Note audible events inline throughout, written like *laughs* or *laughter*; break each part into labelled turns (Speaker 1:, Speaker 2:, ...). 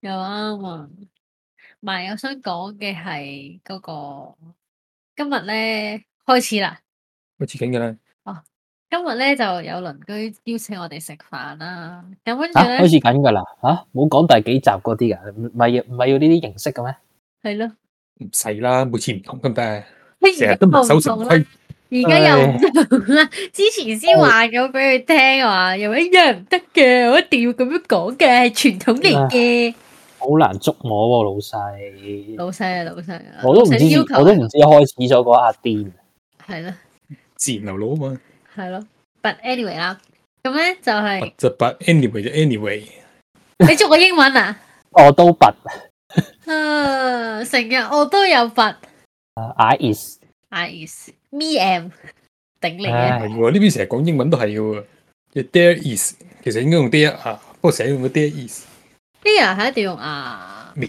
Speaker 1: 有啊！唔係，我想講嘅係嗰個今日咧開始啦，
Speaker 2: 開始緊噶啦。
Speaker 1: 哦，今日咧就有鄰居邀請我哋食飯啦。咁跟住咧開始
Speaker 2: 緊噶啦，吓冇講第幾集嗰啲噶，唔係要唔係要呢啲形式嘅咩？係咯，唔使啦，每次唔同噶咩？成日
Speaker 1: 都唔守常規，
Speaker 2: 而家又唔
Speaker 1: 同啦。之前先話咗俾佢聽話，又一樣唔得嘅，我一定要咁樣講嘅，係傳統嚟嘅。
Speaker 2: 好難捉我喎，老細。老
Speaker 1: 細啊，老細啊。我都唔知要求，我都唔
Speaker 2: 知開始咗嗰下癲。係咯。自然流露啊嘛。
Speaker 1: 係咯。But anyway 啦，咁咧就係。
Speaker 3: But anyway 就 anyway。
Speaker 1: 你捉個英文啊？
Speaker 3: 我都拔。啊，
Speaker 1: 成日我都有拔。
Speaker 3: I is.
Speaker 1: I is. Me am。頂你
Speaker 3: 啊！呢邊成日講英文都係嘅。The there is，其實應該用 there 啊，不過成日用 there is。
Speaker 1: Dear 係一定要用啊，
Speaker 3: 咩？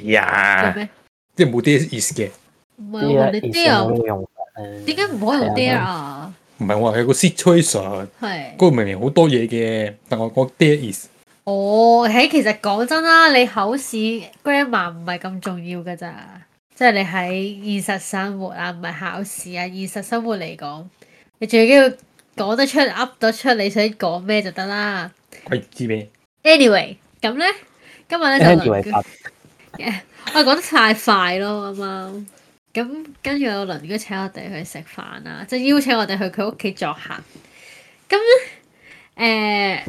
Speaker 3: 即係冇啲意思嘅。
Speaker 1: 唔係我問你 Dear 點解唔可以用 Dear 啊？
Speaker 3: 唔係我話係個 situation 係，
Speaker 1: 嗰個
Speaker 3: 明明好多嘢嘅，但係我講 Dear is。
Speaker 1: 哦，喺其實講真啦，你考試 grammar 唔係咁重要㗎咋，即係你喺現實生活啊，唔係考試啊，現實生活嚟講，你最緊要講得出、噏得出，你想講咩就得啦。
Speaker 3: 鬼知咩
Speaker 1: ？Anyway，咁咧？今日咧就， *laughs* 我講得太快咯，啱唔啱？咁跟住有鄰居請我哋去食飯啦，即係邀請我哋去佢屋企作客。咁誒，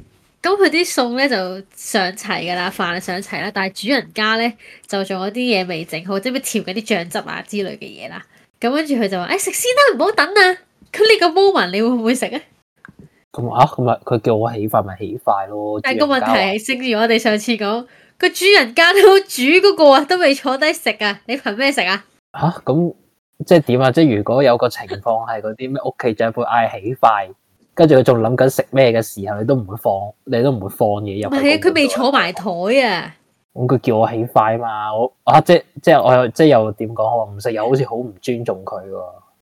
Speaker 1: 咁佢啲餸咧就上齊㗎啦，飯就上齊啦，但係主人家咧就仲有啲嘢未整好，即係咩調緊啲醬汁啊之類嘅嘢啦。咁跟住佢就話：誒、欸、食先啦，唔好等啦。咁呢個 moment 你會唔會食啊？
Speaker 2: 咁啊？咁啊？佢叫我起飯咪起飯咯。但係個問題係，
Speaker 1: 正如我哋上次講。佢主人家都煮嗰個啊，都未坐低食啊，你憑咩食啊？
Speaker 2: 吓咁即係點啊？即係如果有個情況係嗰啲咩屋企長輩嗌起筷，跟住佢仲諗緊食咩嘅時候，你都唔會放，你都唔會放嘢入。唔
Speaker 1: 係啊，佢未坐埋台啊。
Speaker 2: 咁佢叫我起筷啊嘛。我啊，即係即係我又即係又點講？我話唔食又好似好唔尊重佢喎。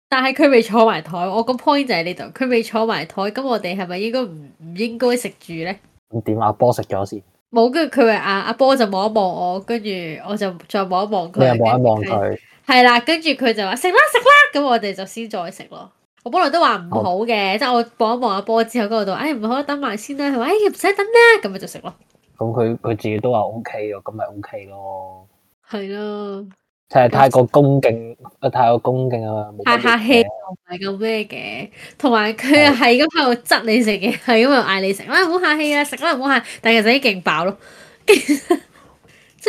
Speaker 1: 但係佢未坐埋台，我個 point 就喺呢度。佢未坐埋台，咁我哋係咪應該唔唔應該食住咧？
Speaker 2: 咁點啊？波食咗先。
Speaker 1: 冇，跟住佢話阿阿波就望一望我，跟住我就再望一望佢。你又望一望佢。係啦，跟住佢就話食啦食啦，咁我哋就先再食咯。我本來都話唔好嘅，即係我望一望阿波之後嗰度，誒唔好啦，等埋先啦。佢話誒唔使等啦，咁咪就食咯。
Speaker 2: 咁佢佢自己都話 OK 咯，咁咪 OK 咯。
Speaker 1: 係咯。
Speaker 2: 就係太過恭敬，太過恭敬啊嘛，太
Speaker 1: 客氣唔係咁咩嘅？同埋佢又係咁喺度窒你食嘅，係咁喺度嗌你食，啊唔好客氣啊，食啦唔好客氣，但係其實已經勁飽咯，即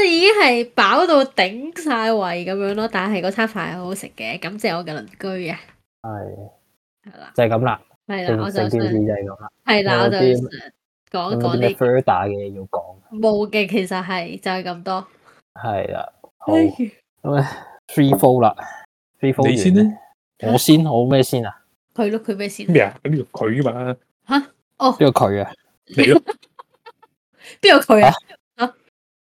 Speaker 1: 係已經係飽到頂晒胃咁樣咯，但係個餐飯係好好食嘅，感謝我嘅鄰居啊，係係啦，就
Speaker 2: 係咁啦，係啦，我就想就係咁啦，係啦，我就想
Speaker 1: 講，講啲 refer
Speaker 2: 大嘅要講，
Speaker 1: 冇嘅，其實係就係咁多，
Speaker 2: 係啦，好。咁啊，three four 啦，three four 你先咧，我先我咩先啊？
Speaker 1: 佢咯，佢咩先？咩
Speaker 2: 啊？邊個佢噶嘛？吓、啊？哦，邊個佢啊？邊 *laughs* 個？
Speaker 1: 邊個佢啊？吓、啊、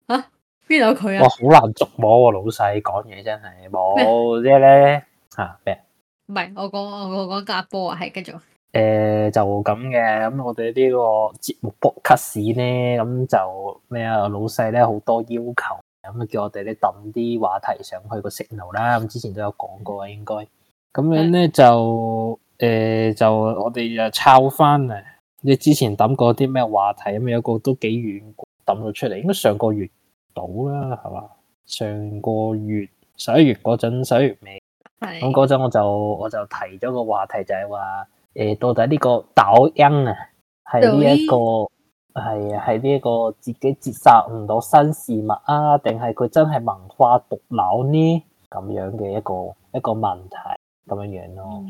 Speaker 1: 吓？邊度佢啊？哇！
Speaker 2: 好難捉摸喎，老細講嘢真係冇啲咧吓咩？唔
Speaker 1: 係我講我我講架波啊，係繼續
Speaker 2: 誒，就咁嘅咁，我哋呢個節目 book 卡士咧，咁就咩啊？老細咧好多要求。咁啊，叫我哋咧揼啲話題上去個 signal 啦。咁之前都有講過，應該咁樣咧就誒、嗯呃、就我哋就抄翻啊！你之前揼過啲咩話題？咁有個都幾遠揼到出嚟，應該上個月到啦，係嘛？上個月十一月嗰陣，十一月尾。咁嗰陣我就我就提咗個話題就，就係話誒，到底呢個抖音啊
Speaker 3: 係呢一個。
Speaker 2: 係啊，喺呢一個自己接受唔到新事物啊，定係佢真係文化毒瘤呢？咁樣嘅一個一個問題咁樣樣咯。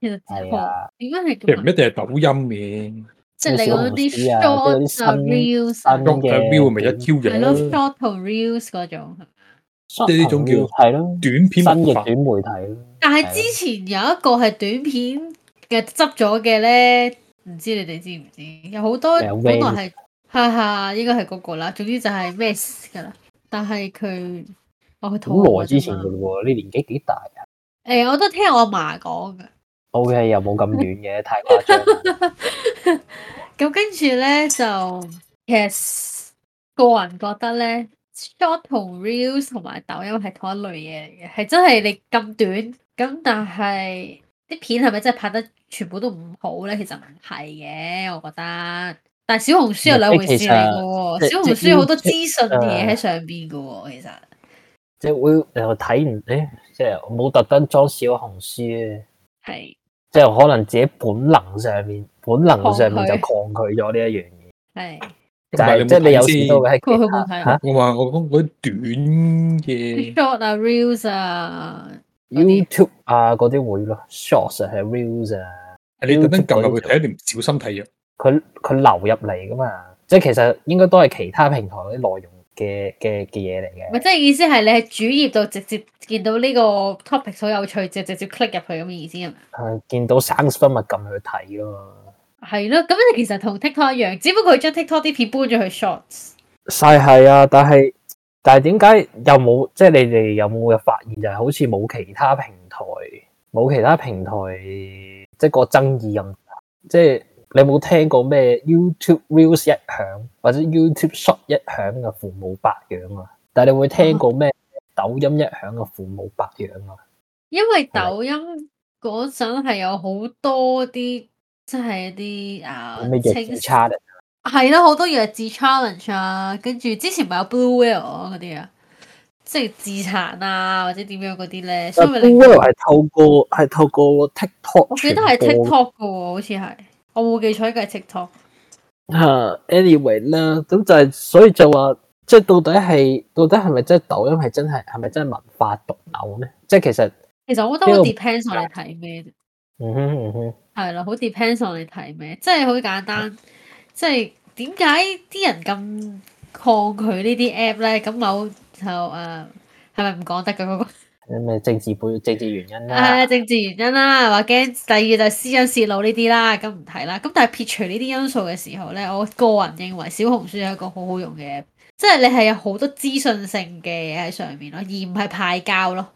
Speaker 2: 其
Speaker 1: 實係啊，點解
Speaker 2: 係？其實唔一定係抖音面，
Speaker 1: 即係你嗰啲 short reels 新嘅。short reels 咪
Speaker 3: 一挑人咯，short
Speaker 1: reels 嗰種，即係呢種叫
Speaker 3: 係咯短片新嘅短媒體咯。但係之
Speaker 1: 前有一個係短片嘅執咗嘅咧。唔知你哋知唔知？有好多本來係，哈哈，應該係嗰個啦。總之就係咩噶啦，但係佢，哇，好耐之
Speaker 2: 前噶嘞喎，你年紀幾大啊？
Speaker 1: 誒，我都聽我阿嫲講
Speaker 2: 噶。OK，又冇咁短嘅，太誇張
Speaker 1: 啦。咁跟住咧就，其實個人覺得咧，short 同 reels 同埋抖音係同一類嘢嚟嘅，係真係你咁短，咁但係。啲片係咪真係拍得全部都唔好咧？其實唔係嘅，我覺得。但係小紅書有兩回事嚟噶，小紅書有好多資訊嘅嘢喺上邊噶。其實
Speaker 2: 即係會又睇唔誒，即係冇、欸、特登裝小紅書係即係可能自己本能上面，本能上面就抗拒咗呢一樣嘢。
Speaker 3: 係就係即係你有事都
Speaker 2: 係佢去睇。我話我講啲短嘅
Speaker 1: short 啊，reels 啊。
Speaker 2: YouTube 啊，嗰啲會咯，Shorts 係 Reels 啊，啊你特登撳入去睇，定唔小心睇入。佢佢流入嚟噶嘛，即係其實應該都係其他平台嗰啲內容嘅嘅嘅嘢嚟嘅。咪
Speaker 1: 即係意思係你喺主頁度直接見到呢個 topic 好有趣，就直接 click 入去咁嘅意思係咪？係、啊、
Speaker 2: 見到生不物撳去睇噶
Speaker 1: 嘛？係咯，咁其實同 TikTok 一樣，只不過佢將 TikTok 啲片搬咗去 Shorts。
Speaker 2: 係係啊，但係。但係點解又冇即係你哋有冇嘅發現就係、是、好似冇其他平台冇其他平台即係、就是、個爭議咁，即、就、係、是、你有冇聽過咩 YouTube reels 一響或者 YouTube Shorts 一響嘅父母白養啊？但係你會聽過咩抖音一響嘅父母白養啊？
Speaker 1: 因為抖音嗰陣係有好多啲即係一啲啊清差係啦、啊，好多弱智 challenge 啊，跟住之前咪有 Blue Whale 嗰啲啊，即係自殘啊或者點樣嗰啲咧，所以咪另外
Speaker 2: 係透過係、嗯、透過 TikTok, TikTok。我記得係 TikTok
Speaker 1: 噶喎，好似係，我冇記錯應該係 TikTok。
Speaker 2: Anyway 啦，咁、anyway，就係、是，所以就話，即係到底係，到底係咪真抖音係真係，係咪真係文化毒瘤咧？即係其實，
Speaker 1: 其實我覺得好 depends on 你睇咩。嗯哼嗯哼。係啦、啊，好 depends on 你睇咩？即係好簡單。嗯即係點解啲人咁抗拒呢啲 app 咧？咁我就誒係咪唔講得嘅嗰個？
Speaker 2: 咩政治背政治原因啦、啊？係、啊、政
Speaker 1: 治原因啦、啊，或驚第二就私隱泄露呢啲啦，咁唔睇啦。咁但係撇除呢啲因素嘅時候咧，我個人認為小紅書係一個好好用嘅 app，即係你係有好多資訊性嘅嘢喺上面咯，而唔係派膠咯。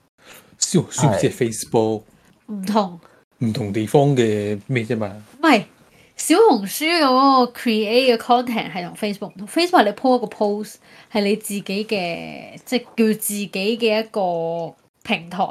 Speaker 3: 小紅書唔似 Facebook，唔同唔同地方嘅咩啫嘛？
Speaker 1: 唔係。小紅書嘅個 create 嘅 content 係同 Facebook 唔同。Facebook 係你 po 一個 post 係你自己嘅，即係叫自己嘅一個平台。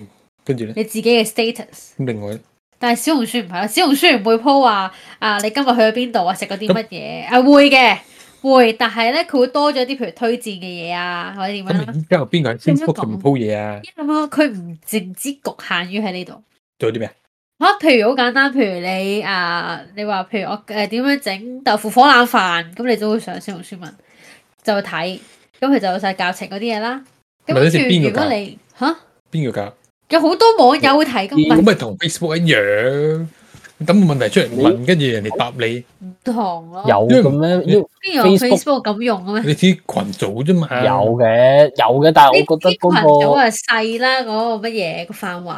Speaker 1: 嗯、
Speaker 3: 跟住咧，你自
Speaker 1: 己嘅 status。另外咧，但係小紅書唔係啦，小紅書唔會 po 話啊，啊你今日去咗邊度啊，食咗啲乜嘢啊會嘅會，但係咧佢會多咗啲譬如推薦嘅嘢啊，或者點樣啦。
Speaker 3: 而家有邊個喺 Facebook 佢唔 po 嘢啊？
Speaker 1: 係啊，佢唔淨止局限於喺呢度。仲有啲咩？嚇，譬如好簡單，譬如你啊，你話譬如我誒點、呃、樣整豆腐火腩飯，咁你都會上小紅書文，就睇，咁佢就有晒教程嗰啲嘢啦。
Speaker 3: 咁，如果你吓？邊、啊、個㗎？
Speaker 1: 有好多網友會睇咁，咪
Speaker 3: 同 Facebook 一樣。咁個問題出嚟問，跟住人哋答你唔
Speaker 1: 同咯。
Speaker 2: 因為咁樣，邊有 Facebook 咁用嘅咩？你啲群組啫嘛。有嘅，有嘅，但係我覺得群組
Speaker 1: 係細啦，嗰個乜嘢個範圍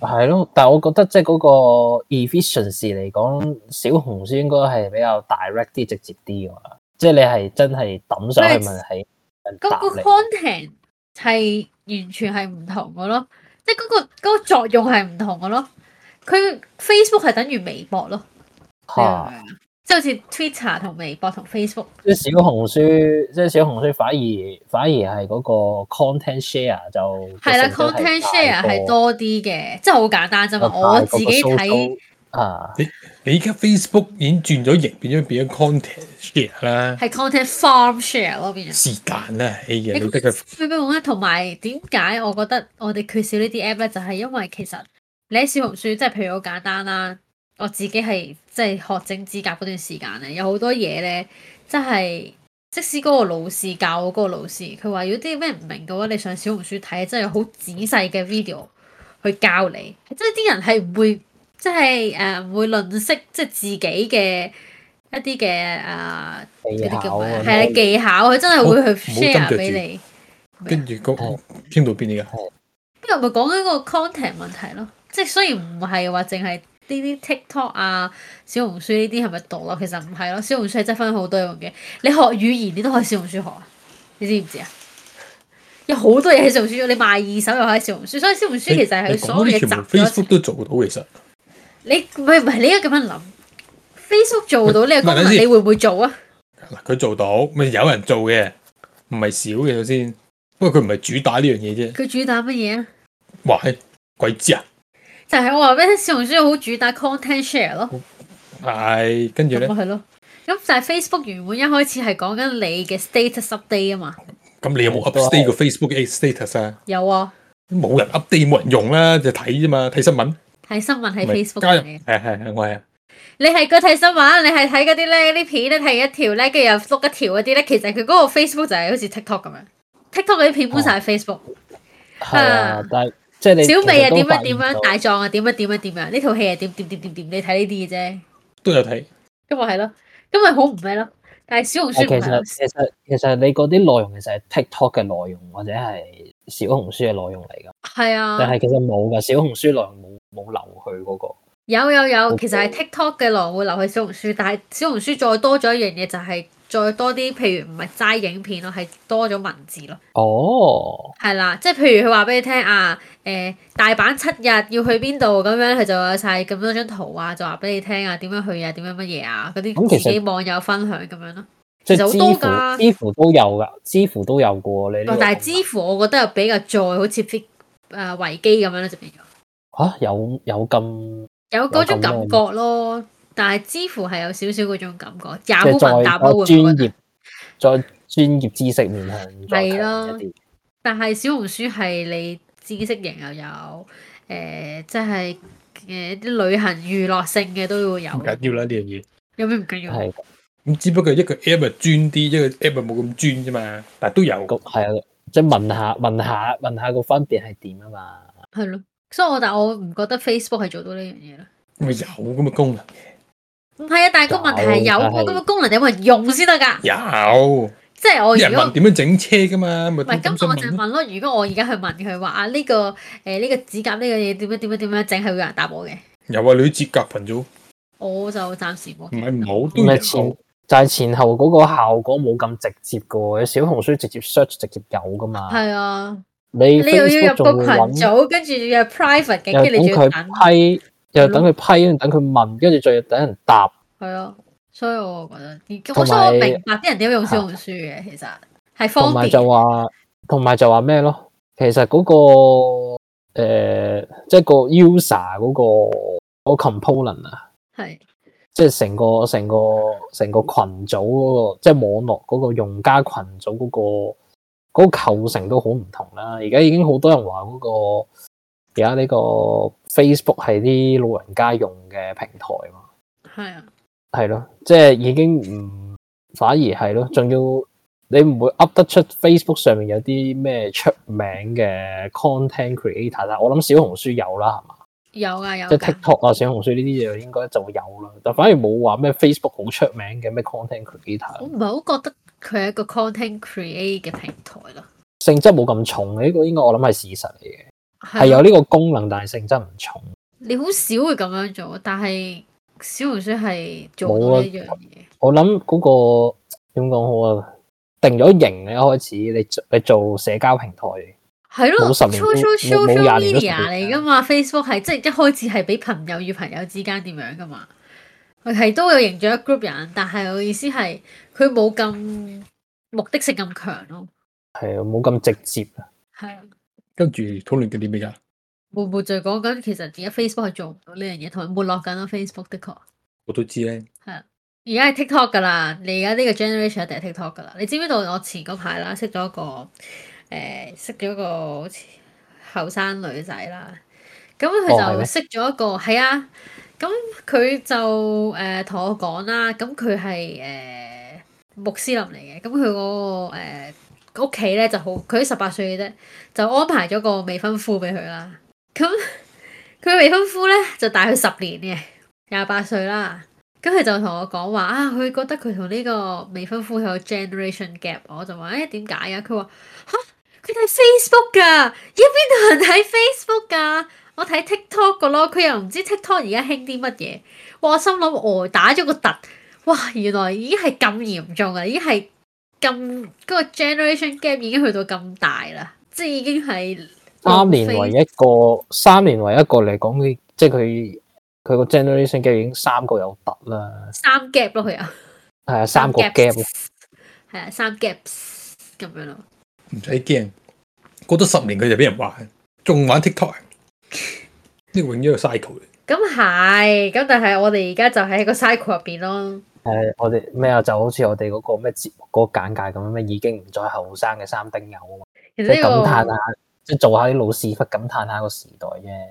Speaker 2: 係咯。但係我覺得即係嗰個 efficiency 嚟講，小紅書應該係比較 direct 啲、直接啲㗎嘛。即係你係真係抌上去問係答你。嗰個
Speaker 1: content 係完全係唔同嘅咯，即係嗰個嗰個作用係唔同嘅咯。佢 Facebook 係等於微博咯，
Speaker 2: 係
Speaker 1: 即係好似 Twitter 同微博同 Facebook、啊。即、就、
Speaker 2: 係、是、小紅書，即、就、係、是、小紅書反而反而係嗰個 content share 就係啦。是是 content share 係多
Speaker 1: 啲嘅，即係好簡單啫嘛。我自己睇啊，你
Speaker 2: 你依家 Facebook 已經轉
Speaker 3: 咗型，變咗變咗 content share 啦，
Speaker 1: 係 content farm share 嗰邊。
Speaker 3: 時間啦，A 嘅老
Speaker 1: 得佢。Facebook 咧，同埋點解我覺得我哋缺少呢啲 app 咧？就係、是、因為其實。你喺小紅書，即係譬如好簡單啦。我自己係即係學整指甲嗰段時間咧，有好多嘢咧，即係即使嗰個老師教我嗰個老師，佢話如果啲咩唔明嘅話，你上小紅書睇，真係好仔細嘅 video 去教你。即係啲人係唔會，即係誒唔會吝嗇，即係自己嘅一啲嘅誒啲叫咩，係啊技巧，佢真係會去 share 俾你。
Speaker 3: 跟住嗰個傾到邊啲嘅？
Speaker 1: 邊度咪講緊個 content 問題咯。即係雖然唔係話淨係呢啲 TikTok 啊小是是、小紅書呢啲係咪獨咯，其實唔係咯，小紅書係積分好多樣嘅。你學語言你都可以小紅書學啊，你知唔知啊？有好多嘢喺小紅書，你賣二手又喺小紅書，所以小紅書其實係所有嘢
Speaker 3: 集咗。Facebook 都做到其實。
Speaker 1: 你唔係唔係？你而家咁樣諗，Facebook 做到你，咁你會唔會做
Speaker 3: 啊？佢做到咪有人做嘅，唔係少嘅首先。不過佢唔係主打呢樣嘢啫。
Speaker 1: 佢主打乜嘢啊？
Speaker 3: 哇鬼知啊！
Speaker 1: 就係我話俾你聽小紅書好主打 content share，咯，
Speaker 3: 係跟住咧，咁係咯。
Speaker 1: 咁但係 Facebook 原本一開始係講緊你嘅 status update 啊嘛。
Speaker 3: 咁你有冇 update 過 Facebook 嘅 status 啊？有啊。冇人 update，冇人用啦，就睇啫嘛，睇新聞。
Speaker 1: 睇新聞係 Facebook
Speaker 3: 嘅。加入。係係我
Speaker 1: 係。你係個睇新聞，你係睇嗰啲咧，啲片咧睇一條咧，跟住又復一條嗰啲咧。其實佢嗰個 Facebook 就係好似 TikTok 咁樣，TikTok 嗰啲片全部曬係 Facebook。
Speaker 2: 係啊，但係。即、就、係、是、小美啊，點樣點樣大
Speaker 1: 壯啊，點樣點樣點樣？呢套戲係，點點點點點，你睇呢啲嘅啫。
Speaker 2: 都有睇。
Speaker 1: 咁咪係咯，咁咪好唔咩咯？但係小紅書其實其實
Speaker 2: 其實你嗰啲內容其實係 TikTok 嘅內容或者係小紅書嘅內容嚟
Speaker 1: 㗎。係啊。但係
Speaker 2: 其實冇㗎，小紅書內容冇冇流去嗰、那個。
Speaker 1: 有有有，其實係 TikTok 嘅內容會流去小紅書，但係小紅書再多咗一樣嘢就係、是。再多啲，譬如唔係齋影片咯，係多咗文
Speaker 2: 字咯。哦、oh.，
Speaker 1: 係啦，即係譬如佢話俾你聽啊，誒、呃、大阪七日要去邊度咁樣，佢就有晒咁多張圖啊，就話俾你聽啊，點樣去啊，點樣乜嘢啊，嗰啲自己網友分享咁樣咯，其實
Speaker 2: 好多㗎。知乎，乎都有㗎，知乎都有你個你。但係知
Speaker 1: 乎我覺得又比較在好似啲誒維基咁樣咧，就變咗。嚇、
Speaker 2: 啊！有有咁？
Speaker 1: 有嗰種感覺咯。但係知乎係有少少嗰種感覺，也不過達到換換。
Speaker 2: 再專業，再專業知識面向。係
Speaker 1: 咯，但係小紅書係你知識型又有，有，誒、呃，即係誒啲旅行娛樂性嘅都要有。唔
Speaker 3: 緊要啦呢樣嘢。
Speaker 1: 有咩唔緊要？係
Speaker 2: 咁，只不過一個 app 係專啲，一個 app 係冇咁專啫嘛。但係都有，係啊，即係問下問下問下個分別係點啊嘛。
Speaker 1: 係咯，所以我但係我唔覺得 Facebook 係做到呢樣嘢
Speaker 2: 啦。咪、嗯、有咁嘅功能
Speaker 1: 唔係啊，但係個問題係有個咁嘅功能，有冇人用先得㗎？有。即係、即係、我如果人問
Speaker 3: 點樣整車㗎嘛？咪咁我就問
Speaker 1: 咯。如果我而家去問佢話啊，呢、呢個誒呢、呃呢個指甲呢、呢個嘢點樣點樣點樣整，係會有人答我嘅？
Speaker 2: 有啊，你指甲群組。
Speaker 1: 我就暫時冇
Speaker 2: 唔係唔好，唔係前就係、係、前後嗰個效果冇咁直接嘅喎，有小紅書直接 search 直接有㗎嘛。係啊。你 Facebook 要，要入個群組，
Speaker 1: 跟住又 private 嘅，跟住你仲要等。
Speaker 2: 又等佢批，等佢問，跟住再等人答。係咯，
Speaker 1: 所以我覺得啲，我，我明白啲人點用小紅書嘅，其實係方便。同埋就
Speaker 2: 話，同埋就話咩咯？其實嗰、那個誒，即、呃、係、就是、個 user 嗰、那個、那個 component 啊，係、就是，即係成個成個成個群組嗰、那個，即、就、係、是、網絡嗰個用家群組嗰、那個嗰、那個構成都好唔同啦。而家已經好多人話嗰、那個。而家呢個 Facebook 係啲老人家用嘅平台嘛？係啊，係咯，即係已經唔反而係咯，仲要你唔會噏得出 Facebook 上面有啲咩出名嘅 content creator 但我諗小紅書有啦，係嘛？有
Speaker 1: 啊，有啊。即係
Speaker 2: TikTok 啊,啊、小紅書呢啲嘢應該就有啦，但反而冇話咩 Facebook 好出名嘅咩 content creator。我唔係
Speaker 1: 好覺得佢係一個 content create 嘅平台咯，
Speaker 2: 性質冇咁重呢、這個應該我諗係事實嚟嘅。係有呢個功能，但係性質唔重，重。
Speaker 1: 你好少會咁樣做，但係小紅書係做呢樣
Speaker 2: 嘢。我諗嗰、嗰個點講好啊？定咗型你一開始，你你做社交平台
Speaker 1: 係咯，social social media 嚟噶嘛？Facebook 係即係一開始係俾朋友與朋友之間點樣噶嘛？係都有營咗一 group 人，但係我意思係佢冇咁目的性咁強咯。
Speaker 3: 係啊，冇咁直接。係啊。跟住討論緊啲咩呀？
Speaker 1: 會唔會就係講緊其實而家 Facebook 係做唔到呢樣嘢，同埋沒落緊咯 Facebook 的確。
Speaker 3: 我都知咧。
Speaker 1: 係啊，而家係 TikTok 噶啦。你而家呢個 generation 一定係 TikTok 噶啦。你知唔知道我前嗰排啦，識咗一個誒，誒識咗一個好似後生女仔啦。咁佢就識咗一個係、哦、啊。咁佢就誒同、呃、我講啦。咁佢係誒穆斯林嚟嘅。咁佢嗰個、呃屋企咧就好，佢十八歲嘅啫，就安排咗個未婚夫俾佢啦。咁佢未婚夫咧就大佢十年嘅，廿八歲啦。咁佢就同我講話啊，佢覺得佢同呢個未婚夫有個 generation gap 我、欸有。我就話誒點解啊？佢話吓？佢睇 Facebook 㗎，而家邊度人睇 Facebook 㗎？我睇 TikTok 個咯，佢又唔知 TikTok 而家興啲乜嘢。哇！我心諗我、呃、打咗個突，哇！原來已經係咁嚴重啊，已經係～咁嗰個 generation gap 已經去到咁大啦，即係已經係三年為一
Speaker 2: 個，三年為一個嚟講，佢即係佢佢個 generation gap 已經三個有得啦，三 gap 咯佢啊，係啊，三個 gap，
Speaker 1: 係啊，三 gap 咁樣咯，
Speaker 3: 唔使驚，過咗十年佢就俾人玩，仲玩 TikTok，
Speaker 2: 呢個永遠一個 cycle。
Speaker 1: 咁係，咁但係我哋而家就喺個 cycle 入邊咯。
Speaker 2: 誒、uh，我哋咩啊？就好似我哋嗰個咩節目嗰個簡介咁樣咩，已經唔再後生嘅三丁友。啊！即係感嘆下，即係做下啲老屎忽，感嘆下，就是，感嘆下個
Speaker 1: 時代啫。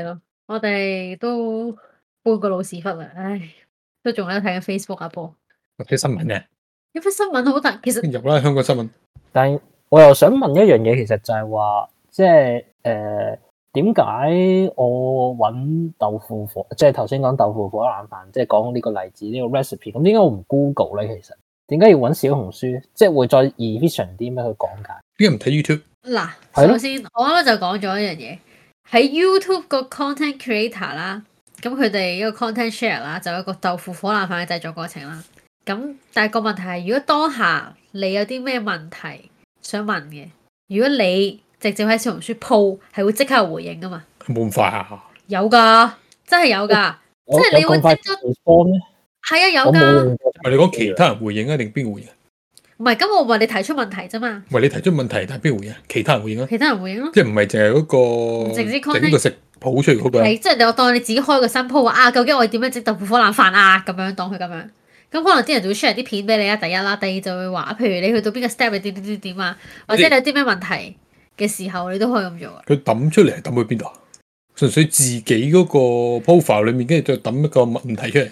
Speaker 1: 係咯，我哋都半個老屎忽啦，唉，都仲喺睇緊 Facebook 阿、啊、波。
Speaker 2: 有咩新聞嘅？
Speaker 1: 有咩新聞好？大。係其實
Speaker 2: 入啦，香港新聞。但係我又想問一樣嘢，其實就係話，即係誒。呃點解我揾豆腐火，即係頭先講豆腐火腩飯，即係講呢個例子呢個 recipe？咁點解我唔 Google 咧？其實點解要揾小紅書？即係會再 efficient 啲咩去講解？點解唔睇
Speaker 1: YouTube？嗱，首先我啱啱就講咗一樣嘢，喺 YouTube 個 content creator 啦，咁佢哋呢個 content share 啦，就有一個豆腐火腩飯嘅製作過程啦。咁但係個問題係，如果當下你有啲咩問題想問嘅，如果你直接喺小紅書鋪，係會即刻回應噶嘛？冇咁快啊！有噶，真係有噶，即
Speaker 3: 係你會係啊，有噶。我你講其他人回應啊，定邊個回應、啊？
Speaker 1: 唔係，咁我話你提出問題啫嘛。
Speaker 3: 唔係你提出問題，但係邊個回應？其他人回應咯、啊。其他
Speaker 1: 人回應
Speaker 3: 咯。即係唔係淨係嗰個。直接 call 個食譜出嚟，好唔好啊？即
Speaker 1: 係你、那個啊、我當你自己開個新鋪啊！究竟我點樣整豆腐火腩飯啊？咁樣當佢咁樣。咁可能啲人就會出嚟啲片俾你啊！第一啦，第二就會話，譬如你去到邊個 step，點點啊，或者你有啲咩問題。嘅時候你都可以咁做
Speaker 3: 啊！佢抌出嚟，係抌去邊度？純粹自己嗰個 profile 裏面，跟住，再抌一個問題出嚟。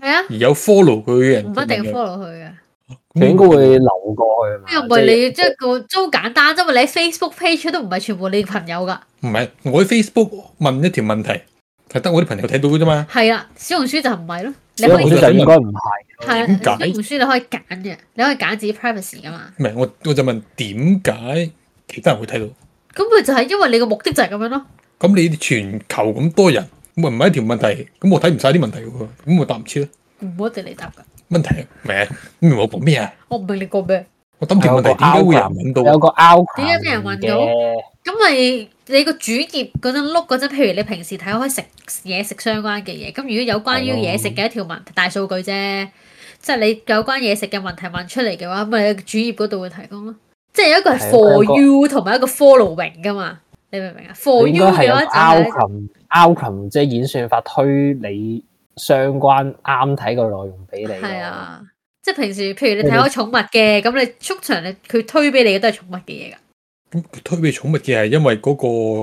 Speaker 1: 係啊，而
Speaker 3: 有 follow 佢嘅人，唔一定 follow
Speaker 1: 佢嘅。
Speaker 3: 你、嗯、應該會留過去。又唔係你
Speaker 1: 即係個都簡單，因為你喺 Facebook page 都唔係全部你朋友噶。
Speaker 3: 唔係我喺 Facebook 問一條問題，係得我啲朋友睇到噶啫嘛。
Speaker 1: 係啊，小紅書就唔係咯。你紅、啊啊、書就應該唔係。係點解？小紅書你可以揀嘅，你可以揀自己 privacy 噶嘛。
Speaker 3: 唔係我我就問點解？其他人會睇到，
Speaker 1: 咁佢就係因為你個目的就係咁樣咯。
Speaker 3: 咁你全球咁多人，咪唔係一條問題，咁我睇唔晒啲問題嘅喎，咁我答唔切答唔出咯。
Speaker 1: 唔好直嚟答噶。
Speaker 3: 問題咩？唔係我問咩啊？
Speaker 1: 我唔明你講咩？
Speaker 3: 我諗住問題點解會有人揾到？有個
Speaker 2: out 點解咩人揾到？
Speaker 1: 咁咪你個主頁嗰陣碌嗰陣，譬如你平時睇開食嘢食相關嘅嘢，咁如果有關於嘢食嘅一條問大數據啫，即係你有關嘢食嘅問題問出嚟嘅話，咪主頁嗰度會提供咯。即係一個係 for you 同埋一,一個 following 噶嘛，你明唔明啊？for you 嘅話
Speaker 2: 就係、是、algorithm 即係演算法推你相關啱睇嘅內容俾你的。係
Speaker 1: 啊，即係平時譬如你睇開寵物嘅，咁你通常你佢推俾你嘅都係寵物嘅嘢
Speaker 2: 㗎。咁
Speaker 3: 佢推俾寵物嘅係因為嗰、嗰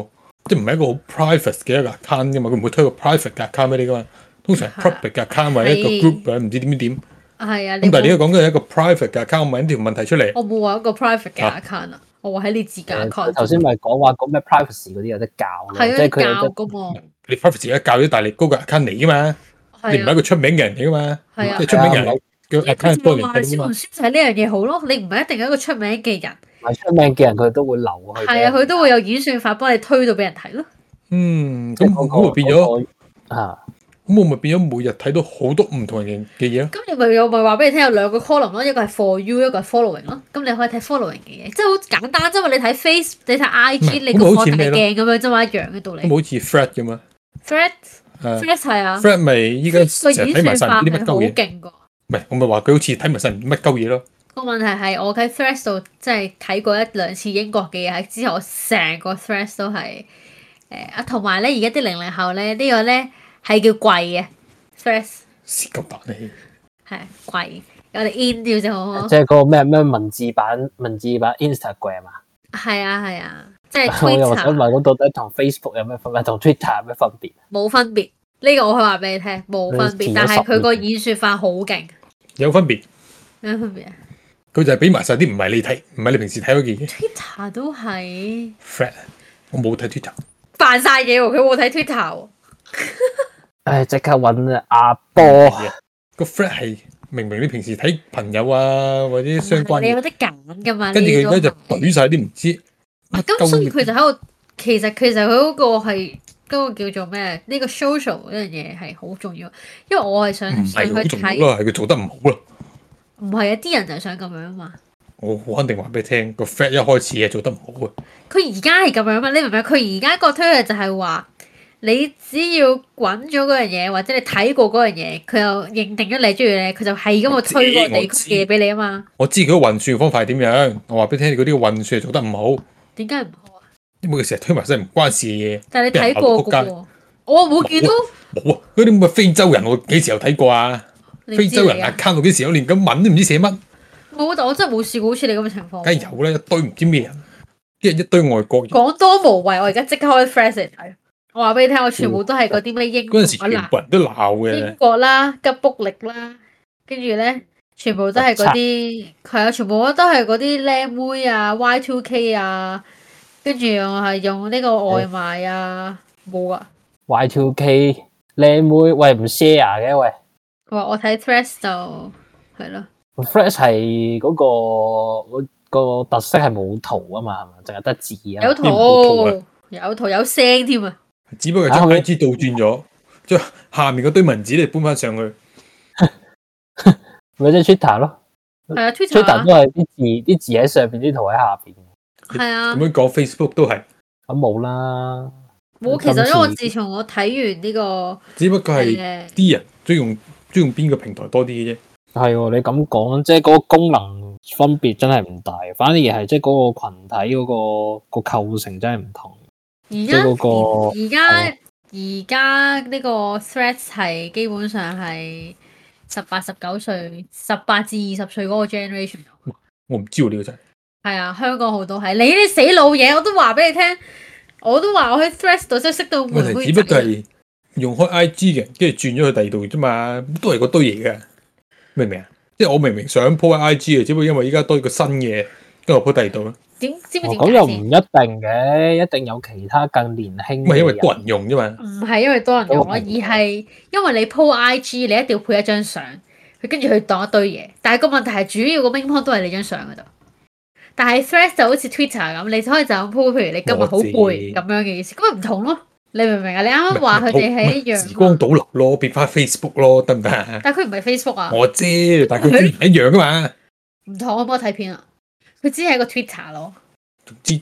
Speaker 3: 個即係唔係一個好 private 嘅一個 account 㗎嘛？佢唔會推個 private account 俾你㗎嘛？通常 private account 或者一個 group 唔知點點。係啊，咁但係你要講緊一個 private account 問一條問題出嚟。我
Speaker 1: 冇話一個 private account 啊，我話喺你自家 account。頭先咪
Speaker 3: 講話講咩 privacy 嗰啲有得教嘅，即係教
Speaker 1: 嘅
Speaker 3: 噃。你 privacy 咧教咗，大力高嘅 account 你噶嘛？你唔係一個出名嘅人嚟噶嘛？係、即係、啊。出名嘅人，
Speaker 2: 叫 account 幫人哋。小紅
Speaker 1: 書就係呢樣嘢好咯，你唔係一定係一個出名嘅人。唔
Speaker 2: 係出名嘅人，佢都會留係。
Speaker 1: 係啊，佢都會有演算法幫你推到俾人睇
Speaker 2: 咯。嗯，咁
Speaker 3: 我會變咗啊。咁我咪變咗每日睇到好多唔同人嘅嘢咯。咁
Speaker 1: 你咪我咪話俾你聽，有兩個 column 咯，一個係 for you，一個係 following 咯。咁你可以睇 following 嘅嘢，即係好簡單，即係你睇 face，你睇 IG，你個放大鏡咁樣啫嘛，一樣嘅道理。咁
Speaker 3: 冇似 thread 咁啊？thread，thread 係啊。thread 咪依家成日睇埋曬啲乜鳩嘢？唔係我咪話佢好似睇埋曬乜鳩嘢咯？
Speaker 1: 個問題係我喺 thread 度即係睇過一兩次英國嘅嘢，之後我成個 thread 都係誒啊，同埋咧而家啲零零後咧呢個咧。係叫貴啊，stress，四
Speaker 3: 個百
Speaker 2: 你，係啊
Speaker 1: 貴，我哋 in 掉先好。即
Speaker 2: 係嗰個咩咩文字版、文字版 Instagram 啊？
Speaker 1: 係啊係啊，即係、啊就是、Twitter。我又想
Speaker 2: 問，我到底同 Facebook 有咩分別？同 Twitter 有咩分別？
Speaker 1: 冇分別，呢、這個我可以話俾你聽，冇分別。但係佢個演說法好勁。
Speaker 3: 有分別？咩
Speaker 1: 分別啊？
Speaker 3: 佢就係俾埋晒啲唔係你睇，唔係你平時睇嗰件嘢。
Speaker 1: Twitter 都係
Speaker 2: ，flat。Fred, 我冇睇 Twitter，
Speaker 1: 扮晒嘢喎，佢冇睇 Twitter。
Speaker 2: *laughs* 唉，即刻搵阿波個 friend 係
Speaker 3: 明明？你平時睇朋友啊，或者相關，你有啲
Speaker 1: 勁噶嘛？跟住佢咧就
Speaker 3: 懟晒啲唔知，咁所以佢就
Speaker 1: 喺度。其實其實佢嗰個係嗰、嗰個叫做咩？呢、呢個 social 嗰樣嘢係好重要，因為我係想睇。唔係好重要係
Speaker 3: 佢做得唔好
Speaker 1: 咯。唔係啊，啲人就係想咁樣嘛。
Speaker 3: 我我肯定話俾你聽，個 friend 一開始係做得唔好啊。
Speaker 1: 佢而家係咁樣啊？你明唔明？佢而家個推就係話。你只要揾咗嗰樣嘢，或者你睇過嗰樣嘢，佢又認定咗你中意咧，佢就係咁我推嗰個地區嘅嘢俾你啊嘛。
Speaker 3: 我知佢運算方法係點樣，我話俾你聽，你嗰啲運算做得唔好。
Speaker 1: 點解唔好啊？
Speaker 3: 因為佢成日推埋晒唔關事嘅嘢。但係你睇過，嗰個、
Speaker 1: 我冇見到。
Speaker 3: 冇啊！嗰啲咁嘅非洲人，我幾時有睇過啊？
Speaker 1: 非洲人 account
Speaker 3: 我幾時有連咁文都唔知寫乜？
Speaker 1: 冇，我真係冇試過好似你咁嘅情況。啊，梗係
Speaker 3: 有啦，一堆唔知咩人，一人一堆外國人。
Speaker 1: 講多無謂，我而家即刻開我話俾你聽，我全部都係嗰啲咩英，嗰陣時全部
Speaker 3: 人都鬧嘅咧，英
Speaker 1: 國啦、吉卜力啦，跟住咧，全部都係嗰啲，係啊，全部都係嗰啲靚妹啊，Y2K 啊，跟住我係用呢個外賣啊，冇
Speaker 2: 啊，Y2K 靚妹喂唔 share 嘅喂。
Speaker 1: 我我睇 Threads 就
Speaker 2: 係咯，Threads 係嗰個個特色係冇圖啊嘛，係咪淨係得字啊？有圖，
Speaker 1: 有圖有聲添啊！
Speaker 2: 只不過係將 IG
Speaker 3: 倒轉咗，將、啊、下面嗰堆文字你搬翻上去，
Speaker 2: 咪即係 Twitter 咯，
Speaker 1: 係啊，啊，Twitter 都係
Speaker 2: 啲字，啲字喺上邊，啲圖喺下邊，係啊，
Speaker 1: 咁樣
Speaker 2: 講 Facebook 都係，咁冇啦，
Speaker 1: 冇，其實因為自從我自從我睇完呢、這個，
Speaker 2: 只不過係啲人鍾意用鍾意用邊個平台多啲嘅啫，係哦、啊，你咁講，即係嗰個功能分別真係唔大，反而係即係嗰個群體嗰、那個、那個構成真係唔同。
Speaker 1: 而家而家而家呢個、哦、個 Threads 係基本上係十八十九歲，十八至二十歲嗰個 generation。我唔
Speaker 3: 知喎呢、呢個真、就、係、是。
Speaker 1: 係啊，香港好多係你啲死老嘢，我都話俾你聽，我都話我去 Threads 度想識到。問題只不
Speaker 3: 過係用開 IG 嘅，跟住轉咗去第二度啫嘛，都係嗰堆嘢㗎，明唔明啊？即係我明明想 po 喺 IG 嘅，只不過因為依家多一個新嘢，跟住 po 第二度啦。
Speaker 1: 點知唔知咁
Speaker 2: 又唔一定嘅，一定有其他更年輕。唔係因為多人用啫嘛，
Speaker 1: 唔係因為多人用咯，而係因為你 po IG 你一定要配一張相，佢跟住佢當一堆嘢，但係個問題係主要個 micro 都係你張相嗰度，但係 Threads 就好似 Twitter 咁，你就可以就 po 譬如你今日好攰咁樣嘅意思，咁咪唔同咯，你明唔明啊？你啱啱話佢哋係一樣時
Speaker 3: 光倒流咯，變翻 Facebook 咯，得唔得？但
Speaker 1: 係佢唔係 Facebook 啊，我
Speaker 3: 知，但係佢唔一樣㗎嘛，
Speaker 1: 唔同啊，幫我睇片啊！佢只係一個 Twitter 咯，
Speaker 3: 總之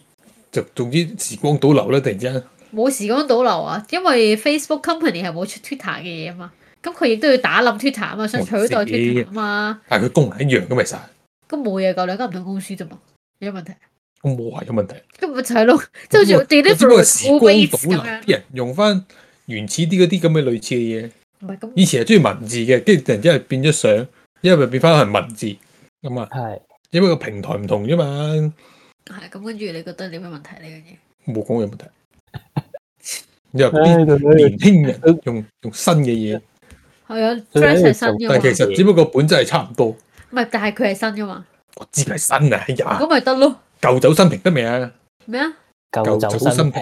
Speaker 3: 就總之時光倒流啦。突然之間
Speaker 1: 冇時光倒流啊，因為 Facebook Company 係冇出 Twitter 嘅嘢啊嘛，咁佢亦都要打冧 Twitter 啊嘛，想取代 Twitter 啊嘛，
Speaker 3: 但係佢功能一樣咁咪晒，
Speaker 1: 咁冇嘢噶，兩間唔同公司啫嘛，有冇問題？
Speaker 3: 我冇話有問題，
Speaker 1: 咁咪就係咯，即係好似 delete 咗時光倒流，啲人
Speaker 3: 用翻原始啲嗰啲咁嘅類似嘅嘢，以前係中意文字嘅，跟住突然之間變咗相，因為變翻係文字咁啊。因為個平台唔同啫嘛，
Speaker 1: 係咁，跟住你覺得有咩問題呢樣嘢？
Speaker 3: 冇講有冇問題？你話邊年輕人都用用新嘅嘢，係啊，dress
Speaker 1: 係新嘅，但係其實只
Speaker 3: 不過本質係差唔多，
Speaker 1: 唔係，但係佢係新噶嘛？
Speaker 3: 我知佢係新啊，哎呀，咁咪得咯，舊酒新瓶得未
Speaker 2: 啊？咩啊？舊酒新瓶。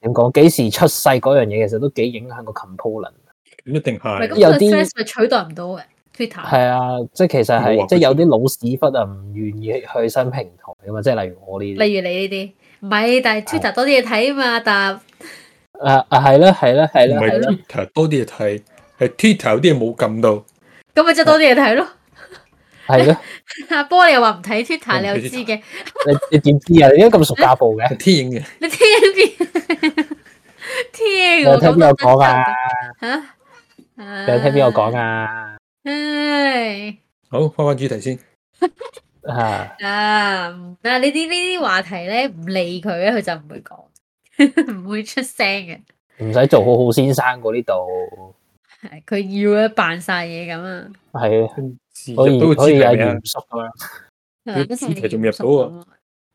Speaker 2: 點講？幾時出世嗰樣嘢，其實都幾影響個 composure。咁一定係。咁有啲咪
Speaker 1: 取代唔到嘅？Twitter 係
Speaker 2: 啊，即係其實係即係有啲老屎忽啊，唔願意去新平台噶嘛。即係例如我呢啲。例如
Speaker 1: 你呢啲，唔係，但係 Twitter 多啲嘢睇啊嘛，阿達。
Speaker 2: 啊啊係啦係啦係啦，係、啊啊啊啊啊啊、Twitter 多啲嘢睇，係
Speaker 3: Twitter 有啲嘢冇咁到。
Speaker 1: 咁咪即係多啲嘢睇咯。
Speaker 3: 係、啊、咯。
Speaker 1: 阿、 *laughs* 啊、波你又話唔睇 Twitter，你又知嘅 *laughs* ？
Speaker 2: 你你點知啊？你都咁熟家暴嘅，天嘅。你 T
Speaker 1: 聽我聽邊度講啊？吓，聽邊個講啊？唉，
Speaker 3: 好翻翻主題先。
Speaker 1: 啊啊！但係呢啲呢啲話題咧，唔理佢，佢就唔會講，唔會出聲嘅。
Speaker 2: 唔使做好好先生嗰啲度，係
Speaker 1: 佢要咧扮晒嘢咁啊。
Speaker 2: 係啊，可以可以係嚴肅噶啦。佢主題仲未入到
Speaker 1: 啊？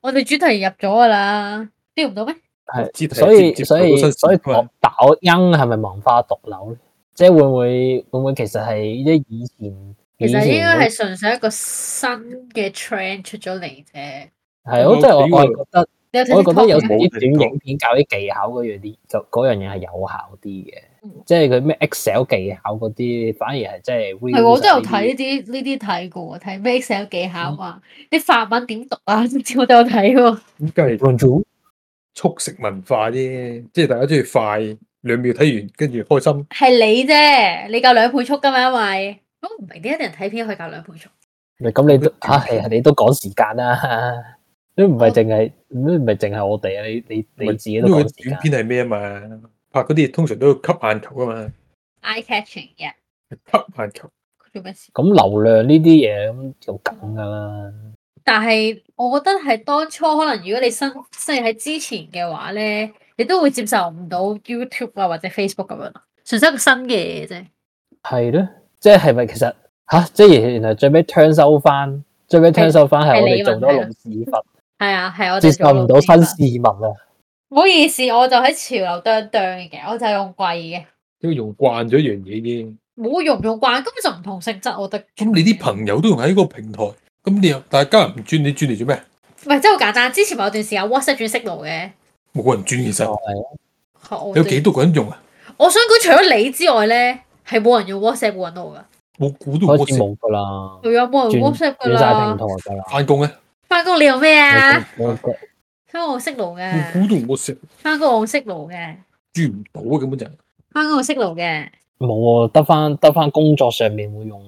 Speaker 1: 我哋主題入咗噶啦，入唔到咩？
Speaker 2: 係，所以接接所以接接所以導抖音係咪文化毒瘤咧？即係會唔會會唔會其實係一以前？其實應該係
Speaker 1: 純粹一個新嘅 trend 出咗嚟啫。係咯，
Speaker 2: 即係，哦 okay，我我覺得，
Speaker 1: 我覺得有啲
Speaker 2: 短影片教啲技巧嗰啲，就嗰樣嘢係有效啲嘅，嗯。即係佢咩 Excel 技巧嗰啲，反而係真係。係我都有睇呢啲
Speaker 1: 呢啲睇過，睇咩 Excel 技巧啊？啲、嗯、法文點讀啊？總之我都有睇喎。咁
Speaker 2: 隔籬放左。速食文
Speaker 3: 化啫，即係大家中意快，兩秒睇完跟住開心。
Speaker 1: 係你啫，你教兩倍速噶嘛？因咪，咁唔明點解有人睇片可以教兩倍速？
Speaker 2: 咪咁你都啊，係啊，你都趕時間啦。都唔係淨係唔係淨係我哋啊？你你你自己
Speaker 3: 都趕時間。短片係咩啊？嘛，拍嗰啲通常都要吸眼球噶嘛。
Speaker 1: eye catching，y、yeah. 吸眼球。做咩事？
Speaker 2: 咁流量呢啲嘢咁就梗噶啦。嗯
Speaker 1: 但係，我覺得係當初可能，如果你新即係喺之前嘅話咧，你都會接受唔到 YouTube 啊或者 Facebook 咁樣咯，純粹個新嘅嘢啫。
Speaker 2: 係咯，即係係咪其實吓、啊，即係原來最尾 transfer 翻，最尾 transfer 翻係我哋做咗老，市，做老市民。
Speaker 1: 係啊，係我接受唔
Speaker 2: 到新市民啊。唔好
Speaker 1: 意思，我就喺潮流哚哚嘅，我就係用貴
Speaker 3: 嘅。都用慣咗樣嘢嘅。
Speaker 1: 冇用用慣，根本就唔同性質。我覺得，
Speaker 3: 咁你啲朋友都用喺個平台？咁你又，但家人唔轉，你轉嚟做咩？喂，
Speaker 1: 真係好簡單。之前咪有段時間 WhatsApp 轉 Signal 嘅，
Speaker 3: 冇人轉其實。
Speaker 1: 係啊。有幾多個人用啊？我想講除咗你之外咧，係冇人用 WhatsApp 搵我噶。
Speaker 3: 我估都好似冇噶啦。又有冇人 WhatsApp 噶啦？翻工咩？
Speaker 1: 翻工你用咩啊？翻工。翻工我 Signal 嘅。
Speaker 3: 我估都冇息。
Speaker 1: 翻工我 Signal 嘅。
Speaker 2: 轉唔到啊，根本就。
Speaker 1: 翻工我 Signal 嘅。
Speaker 2: 冇啊，得翻得翻工作上面會用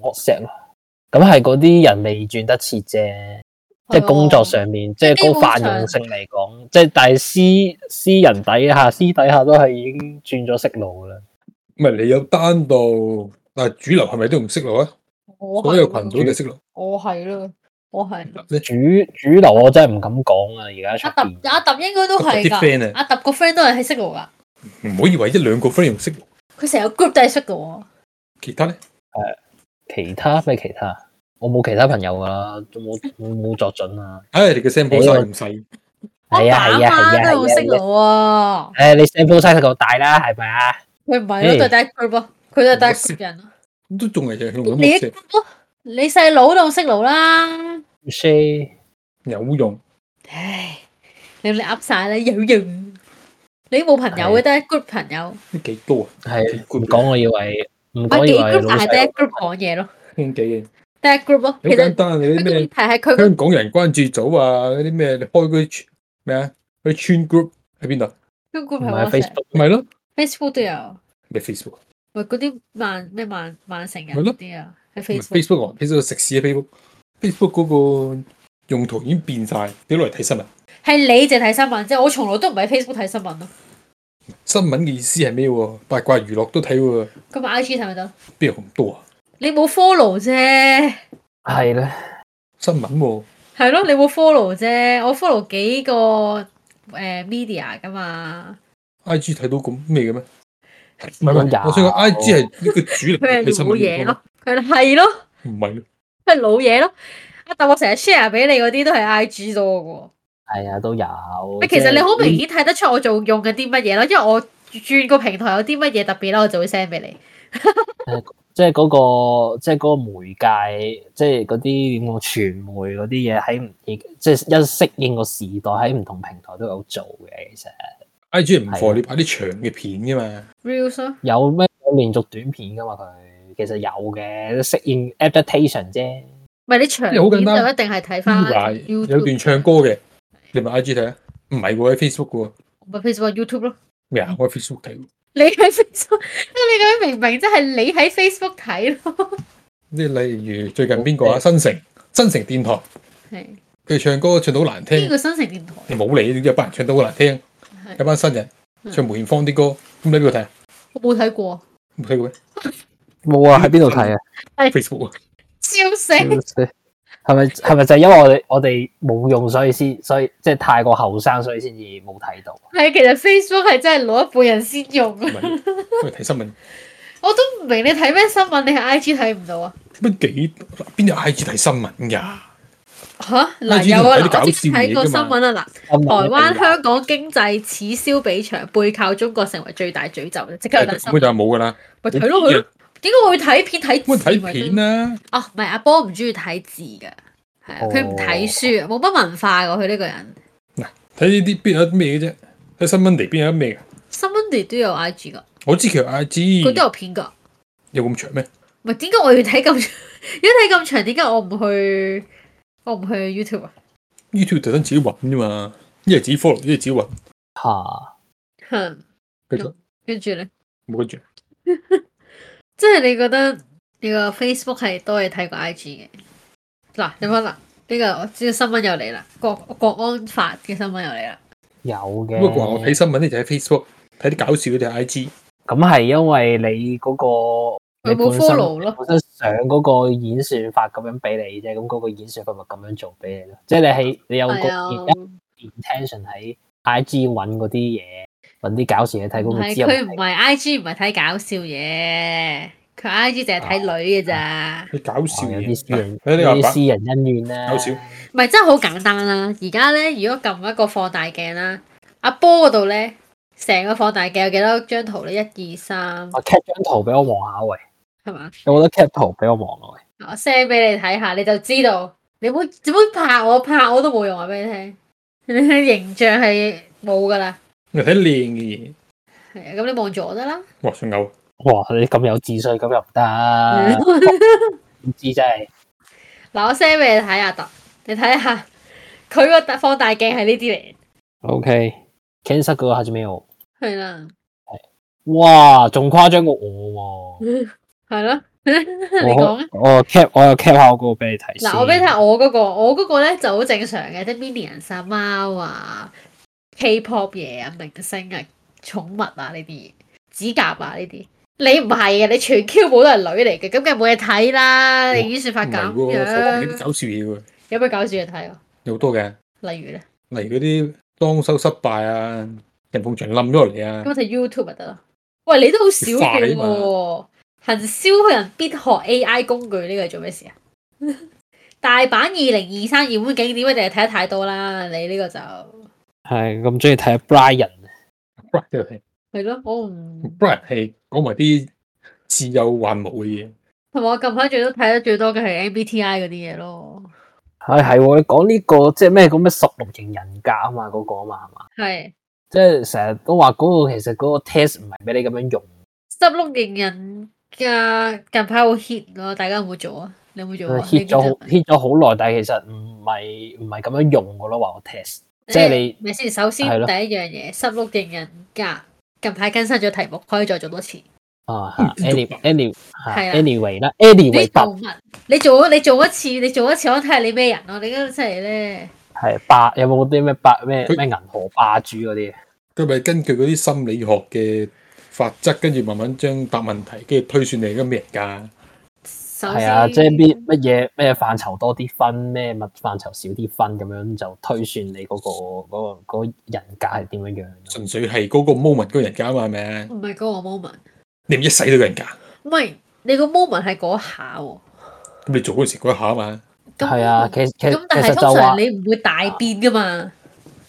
Speaker 2: WhatsApp 咯。咁係嗰啲人未轉得切啫，即係、哦、工作上面，即係高泛用性嚟講。即係但係私私人底下、私底下都係已經轉咗色路噶啦。唔係你有單
Speaker 3: 到，但係主流係咪都唔色路啊？
Speaker 1: 我有群組嘅色路，我係咯，我係。
Speaker 3: 你主主流我真係唔敢講啊！而家阿阿
Speaker 1: 阿揼應該都係噶。阿揼個 friend 都係喺色路噶。
Speaker 2: 唔好以為一兩個 friend 唔色路。
Speaker 1: 佢成日 group 都係色路噶。
Speaker 2: 其他咧，係其他咩？其他，其他？我冇其他朋友噶啦，我我冇作準啊！唉，你嘅聲波唔細，我爸媽都好識佬啊！誒，你聲波細夠大啦，係咪啊？
Speaker 1: 佢唔係咯，就係 group 噃，佢就係 group 人咯。
Speaker 2: 都仲係就你細
Speaker 1: 佬，你細佬都好識佬啦。
Speaker 3: 唔識有用，
Speaker 1: 唉，你你噏晒咧有用，你都冇朋友嘅，都係 group 朋友。
Speaker 2: 幾多啊？佢唔講，我以為唔講，以為老細
Speaker 1: group 講嘢咯，千幾嘅。第一 group 咯，好簡單，你啲咩香
Speaker 3: 港人關注組啊，嗰啲咩，開嗰啲咩啊，嗰啲群 group 喺邊度？group
Speaker 1: 係咪 Facebook？咪咯，Facebook 都有。
Speaker 3: 咩 Facebook？
Speaker 1: 咪嗰啲萬咩萬萬成人嗰啲啊？喺 Facebook。
Speaker 3: Facebook 喎，Facebook 食屎啊！Facebook，Facebook 嗰個用途已經變晒，攞嚟睇新聞。
Speaker 1: 係你淨睇新聞即係，我從來都唔喺 Facebook 睇新聞咯。
Speaker 3: 新聞嘅意思係咩？八卦娛樂都睇喎。
Speaker 1: 咁 IG 得唔得？
Speaker 3: 邊有咁多啊？
Speaker 1: 你冇 follow 啫，
Speaker 3: 係咧新聞喎，
Speaker 1: 係咯，你冇 follow 啫，我 follow 幾個誒 media 噶嘛
Speaker 3: ，I G 睇到咁咩嘅咩？唔係唔係，我想講 I G 係呢個主力，
Speaker 2: 佢係老嘢咯，
Speaker 1: 佢係咯，唔係，佢係老嘢咯。阿豆我成日 share 俾你嗰啲都係 I G 多噶
Speaker 2: 喎，係啊，都有。誒，其實你好明顯
Speaker 1: 睇得出我做用緊啲乜嘢咯，因為我轉個平台有啲乜嘢特別啦，我就會 send 俾你。
Speaker 2: 即係嗰、個，即係嗰個媒介，即係嗰啲點講，傳媒嗰啲嘢喺唔即係一適應個時代，喺唔同平台都有做嘅。其實，I G 唔係，你拍啲長嘅片㗎嘛？Reels 有咩連續短片㗎嘛？佢其實有嘅，適應 adaptation 啫。唔係
Speaker 1: 啲長片就一定係睇翻。
Speaker 3: 有段唱歌嘅，你咪 I G 睇啊？唔係喎，喺 Facebook 嘅喎。唔係
Speaker 1: Facebook，YouTube
Speaker 3: 咯。咩？係啊，我 Facebook 睇。我
Speaker 1: 你喺 Facebook，你咁樣明明即係你喺 Facebook 睇咯。
Speaker 3: 即係例如最近邊個啊，新城，新城電台。係。佢哋唱歌唱到好難聽。
Speaker 1: 呢個
Speaker 3: 新城電台。你冇理，嚟，有班人唱到好難聽，有班新人唱梅豔芳啲歌，咁你喺邊度睇啊？我冇睇過。冇睇過咩？
Speaker 2: 冇啊，喺邊度睇啊？喺 Facebook 啊！笑死。笑死係咪係咪就係因為我哋我哋冇用所以先所以即係太過後生，所以先至冇睇到。係，
Speaker 1: 其實 Facebook 係真係老一輩人先用
Speaker 3: 不。
Speaker 2: 我哋睇新聞，
Speaker 1: *laughs* 我都唔明你睇咩新聞，你喺 IG 睇唔到
Speaker 3: 啊？乜幾邊有 IG 睇新聞噶？吓、
Speaker 1: 啊、嗱，有啊，嗱、啊，我先睇個新聞啊嗱，台灣香港經濟此消彼長，啊啊，背靠中國成為最大詛咒咧，即刻嗱，
Speaker 3: 冇噶啦，咪睇咯佢。
Speaker 1: 點解我會睇片睇字？咪睇片啊？哦、啊，唔係阿波唔中意睇字噶，係啊，佢唔睇書，冇乜文化噶佢呢個人。
Speaker 3: 嗱，睇呢啲邊有啲咩嘅啫？睇 Sunday 邊有啲咩
Speaker 1: ？Sunday 都有 IG 噶。
Speaker 3: 我知其實 IG。佢都有片噶。有咁長咩？
Speaker 1: 唔係，點解我要睇咁長？ *laughs* 如果睇咁長，點解我唔去？我唔去 YouTube 啊
Speaker 3: ？YouTube 特登自己搵啫嘛，一係自己 follow，一係自己搵。吓、啊。
Speaker 1: 哼、嗯。繼續。跟住咧。
Speaker 3: 冇跟住。 *laughs*
Speaker 1: 即係你覺得你個 Facebook 係多嘢睇過 IG 嘅嗱、啊，有冇啦？呢、呢個我知、這個、新聞又嚟啦，國國安法嘅新聞又嚟啦。
Speaker 3: 有嘅。不過我睇
Speaker 2: 新聞咧就喺 Facebook 睇啲搞笑嘅 IG。咁係因為你嗰、嗰個你冇 follow 咯，本身上嗰個演算法咁樣俾你啫，咁嗰個演算法咪咁樣做俾你咯。即係你喺你有個 intention 喺 IG 搵嗰啲嘢。搵啲搞笑嘢睇，佢唔係，佢
Speaker 1: 唔係 IG，唔係睇搞笑嘢，佢 IG 淨係睇女嘅咋。
Speaker 2: 搞笑嘢，啲私人，啲私人恩怨啦。
Speaker 1: 唔係真係好簡單啦。而家咧，如果撳一個放大鏡啦，阿波嗰度咧，成個放大鏡有幾多張圖咧？一二三。
Speaker 2: 我 cut 張圖俾我望下喂，係
Speaker 1: 嘛？
Speaker 2: 有冇得 cut 圖俾我望啊？
Speaker 1: 我 send 俾你睇下，你就知道。你會，點樣拍我拍我都冇用，話俾你聽。形象係冇噶啦。
Speaker 2: 有啲靚
Speaker 1: 嘅嘢，係啊，咁你望住我得啦。
Speaker 2: 哇，算鳩！哇，你咁有智商咁又唔得，唔、 *laughs* 哦、知真係。
Speaker 1: 嗱，我 send 俾你睇下。特，你睇下佢個放大鏡係、okay. *laughs* 啊、 *laughs* 是的 *laughs* 呢啲嚟。
Speaker 2: O K，睇殺過下就咩我？係
Speaker 1: 啦。係。
Speaker 2: 哇，仲誇張過我
Speaker 1: 喎。係咯。你講
Speaker 2: 啊。我 cap，我又 cap 下我嗰個俾你睇。嗱，我俾
Speaker 1: 你睇我嗰個，我嗰個咧就好正常嘅，啲 mini 人殺貓啊。K-pop 嘢啊，明星啊，寵物啊呢啲嘢，指甲啊呢啲，你唔係啊，你全 K-pop 都係女嚟嘅，咁梗係冇嘢睇啦。你呢啲説法咁搞笑嘅。有咩搞笑嘢睇啊？有好多嘅，例如咧，
Speaker 3: 例如嗰啲裝修失敗啊，人捧場冧咗落嚟啊。咁就
Speaker 1: YouTube 咪得咯。喂，你都好少嘅喎，行銷人必學 AI 工具呢、呢個係做咩事啊？ *laughs* 大阪二零二三熱門景點看，一定係睇得太多啦，你呢個就。
Speaker 2: 係咁中意睇 Brian，Brian
Speaker 3: 嘅戲係咯，我唔 Brian 係講埋啲似有
Speaker 2: 還無嘅嘢，
Speaker 1: 同埋我近排最都睇得最多嘅係 MBTI 嗰啲嘢咯。
Speaker 2: 係係，你講呢個即係咩咁咩十六型人格啊嘛，嗰個啊嘛係嘛，係即係成日都話嗰個其實嗰個 test 唔係俾你咁樣用。
Speaker 1: 十六型人格近排好 hit 咯，大家有冇做啊？你有冇做啊？hit 咗
Speaker 2: hit 咗好耐，但係其實唔係唔係咁樣用噶咯，話個 test。即係，你咪
Speaker 1: 先？首先第一樣嘢，十六型嘅人格，近排更新咗題目，可以再做多次。
Speaker 2: 啊，any，any，係 anyway 啦，anyway 答。你動物，
Speaker 1: 你做，你做一次，你做一次，我睇下你咩人咯。你咁犀利咧。
Speaker 2: 係霸，有冇啲咩霸咩咩銀河霸主嗰啲？佢
Speaker 3: 咪根據嗰啲心理學嘅法則，跟住慢慢將答問題，跟住推算你咁
Speaker 2: 咩人噶？係啊，即係啲乜嘢咩範疇多啲分，咩物範疇少啲分，咁樣就推算你嗰、嗰個、嗰個人格係點樣嘅。純粹係嗰個 moment 嗰個人格啊嘛，係咪？
Speaker 1: 唔係嗰個 moment。
Speaker 2: 你唔一世都有人格？
Speaker 1: 唔係，你，你個 moment 係嗰下喎。
Speaker 3: 咁你做嗰陣時嗰下啊嘛。係啊，其實其實，但其實通常你
Speaker 1: 唔會大變噶嘛。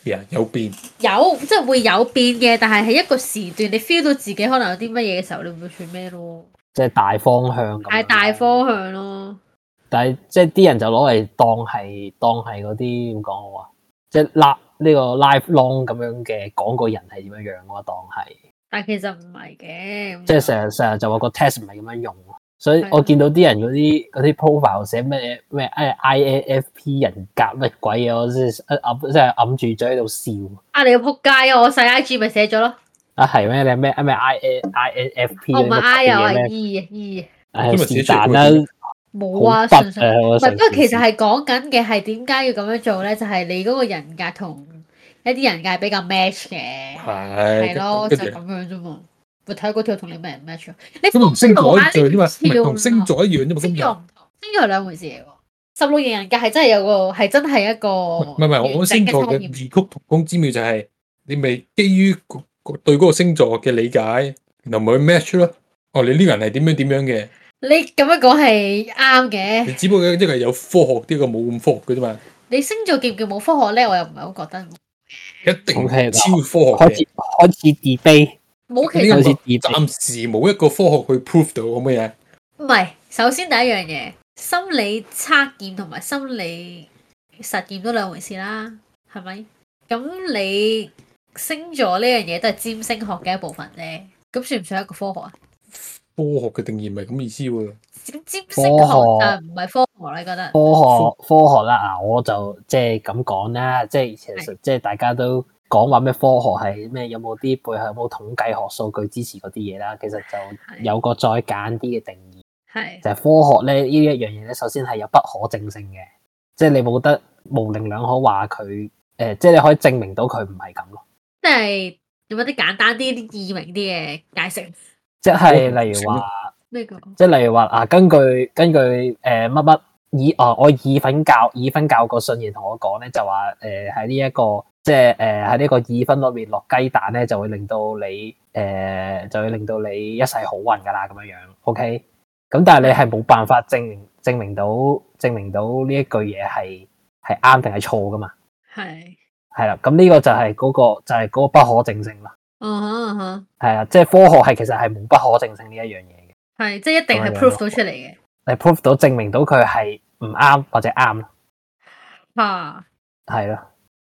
Speaker 3: Yeah, 有變？
Speaker 1: 有，即係會有變嘅，但係喺一個時段，你 feel 到自己可能有啲乜嘢嘅時候，你唔會選咩咯？
Speaker 2: 即係大方向大，
Speaker 1: 係大方向咯，但是
Speaker 2: 是些、這個是。但係即係啲人就攞嚟當係當係嗰啲點講好啊？即係立呢個 life long 咁樣嘅講個人係點樣樣嘅話，當係。
Speaker 1: 但係其實唔係嘅。
Speaker 2: 即係成日成日就話個 test 唔係咁樣用，所以我見到啲人嗰啲嗰啲 profile 寫咩咩誒 I N F P 人格乜鬼嘢，我先啊暗即係揞住嘴喺度笑。
Speaker 1: 啊你個仆街，啊！我細 I G 咪寫咗咯。
Speaker 2: 啊係咩？你咩啊咩？I N I N F P 啊唔係 I 啊，我係 E E。咁
Speaker 1: 咪寫錯？冇啊，誒，唔係，不過其實係講緊嘅係點解要咁樣做咧？就係你嗰個人格同一啲人格係比較 match 嘅，
Speaker 3: 係係咯，就咁
Speaker 1: 樣啫嘛。我睇嗰條同你唔係 match。咁同星座對啫嘛，唔同星
Speaker 3: 座一樣啫嘛，星座
Speaker 1: 星座係兩回事嚟。十六型人格係真係有個係真係一個唔係唔係，我講星座嘅
Speaker 3: 異曲同工之妙就係你咪基於對嗰個星座嘅理解，然後咪 match 咯。哦，你呢個人係點樣點樣嘅？
Speaker 1: 你咁樣講係啱嘅。你
Speaker 3: 只不過即係有科學啲，個冇咁科學嘅啫嘛。
Speaker 1: 你星座叫唔叫冇科學咧？我又唔係好覺得。
Speaker 3: 一定係超科學嘅。開始自卑，冇其實暫時冇一個科學去 prove 到咁嘅嘢。
Speaker 1: 唔係，首先第一樣嘢，心理測驗同埋心理實驗都兩回事啦，係咪？咁你。星座呢樣嘢都係占星學嘅一部分啫，咁
Speaker 3: 算唔算一個科學啊？科學嘅定義唔係咁
Speaker 2: 意思喎。占星學但係唔係科學，
Speaker 1: 科學你覺得
Speaker 2: 科？科學科學啦，嗱我就即係咁講啦，即係其實即係大家都講話咩科學係咩有冇啲背後有冇統計學數據支持嗰啲嘢啦，其實就有個再簡啲嘅定義，係就係、是、科學咧呢一樣嘢咧，首先係有不可證性嘅，即係你冇得模棱兩可話佢，誒、呃，即係你可以證明到佢唔係咁咯。
Speaker 1: 即係有冇啲簡單啲、啲易明啲嘅
Speaker 2: 解釋？即係例如話
Speaker 1: 咩？即
Speaker 2: 係例如話啊，根據根據誒乜乜以啊，我意粉教意粉教個信言同我講咧，就話誒喺呢一個即係誒喺呢個意粉裏面落雞蛋咧，就會令到你誒、呃、就會令到你一世好運噶啦咁樣樣。OK，咁但係你係冇辦法證明證明到證明到呢一句嘢係係啱定係錯噶嘛？係。係啦，咁呢個就係嗰、那個就係、是、嗰個不可證性啦。哦，係啦，即係科學係其實係冇不可證性呢一樣嘢嘅，係、
Speaker 1: uh -huh. 即係一定係 prove 到出嚟嘅，
Speaker 2: 係 prove 到證明到佢係唔啱或者啱啦。
Speaker 1: 吓、uh -huh.，係咯，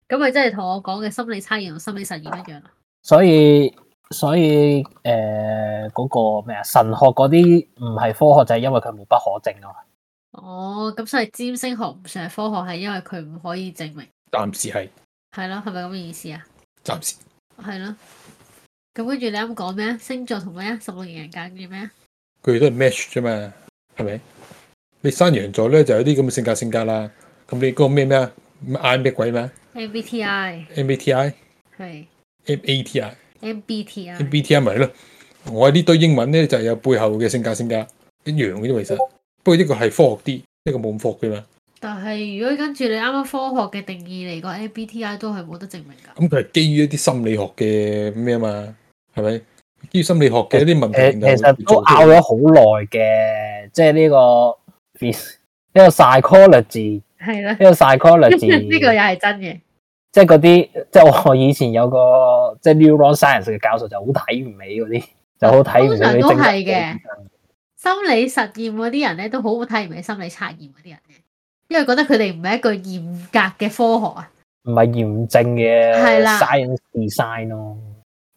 Speaker 1: 咁咪即係同我講嘅心理測驗同心理實驗一樣。
Speaker 2: 所以所以誒嗰、呃那個咩啊神學嗰啲唔係科學，就係因為佢冇不可證咯。
Speaker 1: 哦，咁所以占星學唔算係科學，係、就是、因為佢唔可、oh, 可以證明，
Speaker 2: 暫時係。
Speaker 1: 係咯，係咪咁嘅意思啊？暫時係咯。咁跟住你啱講咩？星座同咩啊？十六型人格叫咩啊？
Speaker 3: 佢哋都係 match 啫嘛，係咪？你山羊座咧就有啲咁嘅性格性格啦。咁你嗰個咩咩啊？嗌咩鬼咩
Speaker 1: ？MBTI。
Speaker 3: MBTI 係。
Speaker 1: MBTI。
Speaker 3: MBTI 咪咯。我喺呢堆英文咧就有背後嘅性格性格，一樣嘅啫。其實，不過呢個係科學啲，呢、這個冇咁科學嘅嘛。
Speaker 1: 但係如果跟住你啱啱科學嘅定義嚟講，個 MBTI 都係冇得證明
Speaker 3: 㗎。咁佢係基於一啲心理學嘅
Speaker 2: 咩嘛？係咪？基於心理學嘅一啲問題。其實都拗咗好耐嘅，即係呢個呢個 psychology 係啦，呢個 psychology 呢
Speaker 1: 個又係真嘅。
Speaker 2: 即係嗰啲，即係我以前有個即係 neuron science 嘅教授就，就好睇唔起嗰啲，就好睇唔起。通常都係
Speaker 1: 嘅心理實驗嗰啲人咧，都好好睇唔起心理測驗嗰啲人。因為覺得佢哋唔係一個嚴格嘅科學
Speaker 2: 啊，唔係嚴謹嘅 science design 咯，啊，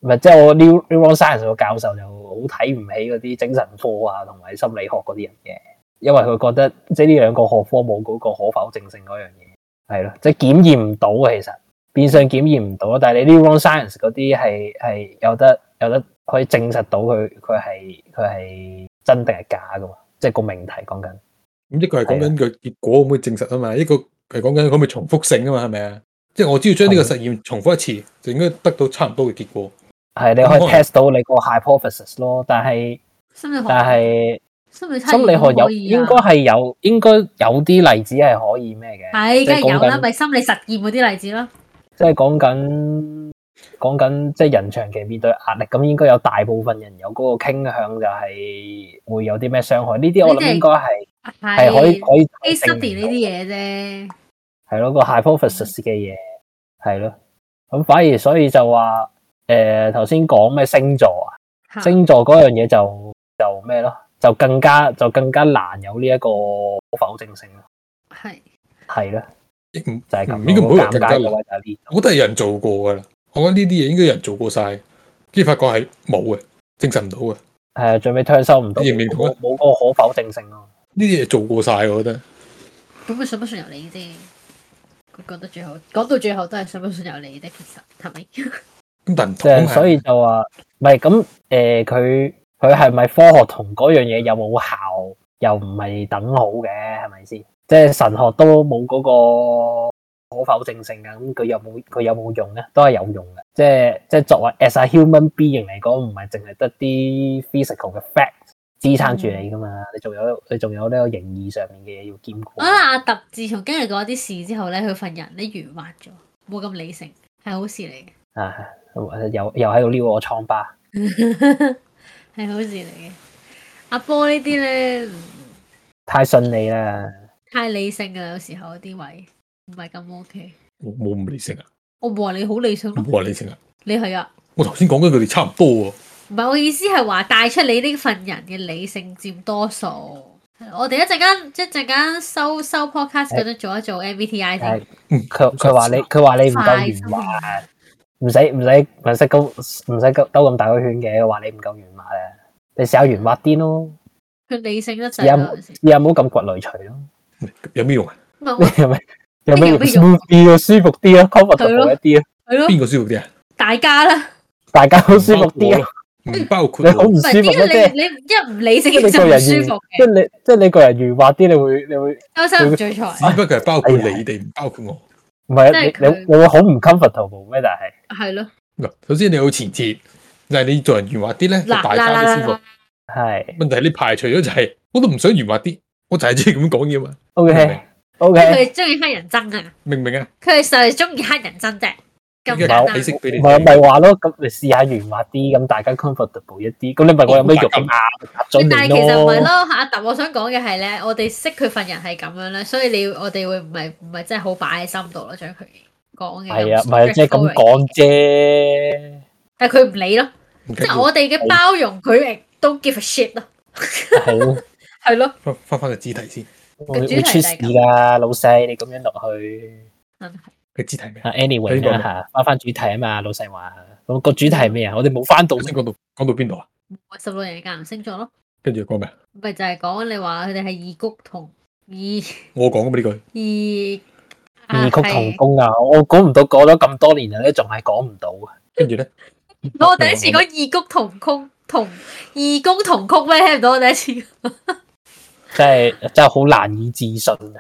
Speaker 2: 唔係即係我 neuro neuroscience 個教授就好睇唔起嗰啲精神科啊同埋心理學嗰啲人嘅，因為佢覺得即係呢兩個學科冇嗰個可否證性嗰樣嘢，係咯，即係檢驗唔到啊，其實變相檢驗唔到，但係你 neuroscience 嗰啲係係有得有得可以證實到佢佢係佢係真定係假噶，即係個命題講緊。
Speaker 3: 咁一個係講緊個結果可唔可以證實啊嘛？一個係講緊可唔可以重複性啊嘛？係咪啊？即係我只要將呢個實驗重複一次，就應該得到差唔多嘅結果。
Speaker 2: 係，你可以 test 到你個 hypothesis 咯，但係心理，但係心
Speaker 1: 理心理學有
Speaker 2: 應該係有應該有啲例子係可以咩嘅？係梗係有啦，咪
Speaker 1: 心理實驗嗰啲例
Speaker 2: 子咯。即係講緊。講緊即係人長期面對的壓力，咁應該有大部分人有嗰個傾向就係會有啲咩傷害？呢啲我諗應該係
Speaker 1: 係可以可以 study 呢啲嘢啫。
Speaker 2: 係咯，這個 hypothesis 嘅嘢，係咯，咁反而所以就話誒頭先講咩星座啊，星座嗰樣嘢就就咩咯，就更加就更加難有呢一個否證性咯。係係啦，就係、是、咁，唔、嗯、應該唔好話尷
Speaker 3: 尬我人做過噶啦。我覺得呢啲嘢應該有人做過晒，跟住發覺係冇嘅，證實唔到嘅。係呀，最尾聽收唔到，冇嗰
Speaker 2: 個可否證性咯。
Speaker 3: 呢啲嘢做過晒，我覺得。
Speaker 1: 咁啊，信不信由你啫。覺得最好講到最後都係信不信由你的，其實係咪？
Speaker 2: 咁但係所以就話，唔係咁誒，佢佢係咪科學同嗰樣嘢有冇效，又唔係等好嘅，係咪先？即係神學都冇嗰個。可否正性啊？咁佢有冇佢有冇用咧？都係有用嘅，即係即係作為 as a human being 嚟講，唔係淨係得啲 physical 嘅 fact 支撐住你噶嘛？你仲有你仲有呢個形意上面嘅嘢要兼顧。
Speaker 1: 阿阿特自從經歷過一啲事之後咧，佢份人咧圓滑咗，冇咁理性，係好事嚟
Speaker 2: 嘅。啊，又又喺度撩我瘡疤，
Speaker 1: 係好事嚟嘅。阿波呢啲咧
Speaker 2: 太順利啦，
Speaker 1: 太理性啦，有時候啲位。唔係咁 OK，
Speaker 3: 我冇唔理性
Speaker 1: 啊。我唔話你好理性咯，唔話理性啊？你係
Speaker 3: 啊？我頭先講緊佢哋差唔多啊。
Speaker 1: 唔係，我意思係話帶出你呢份人嘅理性佔多數。我哋一陣間一陣間收收 podcast 嗰陣做一做 MBTI 先。嗯，
Speaker 2: 佢佢話你佢話你唔夠圓滑，唔使唔使唔使咁唔使兜咁大個圈嘅，話你唔夠圓滑啊。你試下圓滑啲咯。佢理性得滯，有冇有冇咁掘雷除咯？有咩用啊？唔係。有咩舒服啲啊？舒服啲啊？comfortable 啲啊？係咯，係咯。邊個舒服啲啊？
Speaker 1: 大家啦，
Speaker 3: 大家都舒服啲啊。唔包括你好唔舒服咧，即係你
Speaker 1: 一唔理性，你個人舒服。即係
Speaker 3: 你即係你個人圓滑啲，你會你會。收收最錯。只不過係包括你哋，唔包括我。唔係啊，你你你會好唔 comfortable 咩？但係係咯。嗱，首先你有前設，就係你做人圓滑啲咧，大家都舒服。係。問題係你排除咗就係，我都唔想圓滑啲，我就係知咁講嘢嘛。O K。即係佢
Speaker 1: 中意乞人憎啊！
Speaker 2: 明唔明啊？
Speaker 1: 佢實係中意乞人憎啫。
Speaker 2: 唔係咪話咯？咁你試下圓滑啲，咁大家 comfortable 一啲。咁你問我有咩肉咁啊？但係其實唔係咯，
Speaker 1: 阿達我想講嘅係咧，我哋識佢份人係咁樣咧，所以你我哋會唔係唔係真係好擺喺心度咯，將佢講嘅。係啊，唔係啊，即係咁
Speaker 2: 講啫。
Speaker 3: 但係
Speaker 1: 佢唔理咯，
Speaker 2: 即係我哋嘅包
Speaker 1: 容，佢亦都 give a shit 咯。
Speaker 2: 好係咯，翻翻個主題先。會會出事噶，老細你咁樣落去。個主題咩？Anyway 啊，翻翻主題啊嘛，老細話，咁個主題係咩啊？我哋冇翻到先講到講到邊度啊？
Speaker 1: 十六型人格同星座咯。
Speaker 2: 跟住講咩？
Speaker 1: 咪就係講你話佢哋係異曲同異。我講啊嘛呢句。異
Speaker 2: 異曲同工啊！我講唔到講咗咁多年啦，咧仲係講唔到啊！跟住咧，
Speaker 1: 我第一次講異曲同工同異工同曲咩？聽唔到我第一次。
Speaker 2: 真係真係好難以置信啊！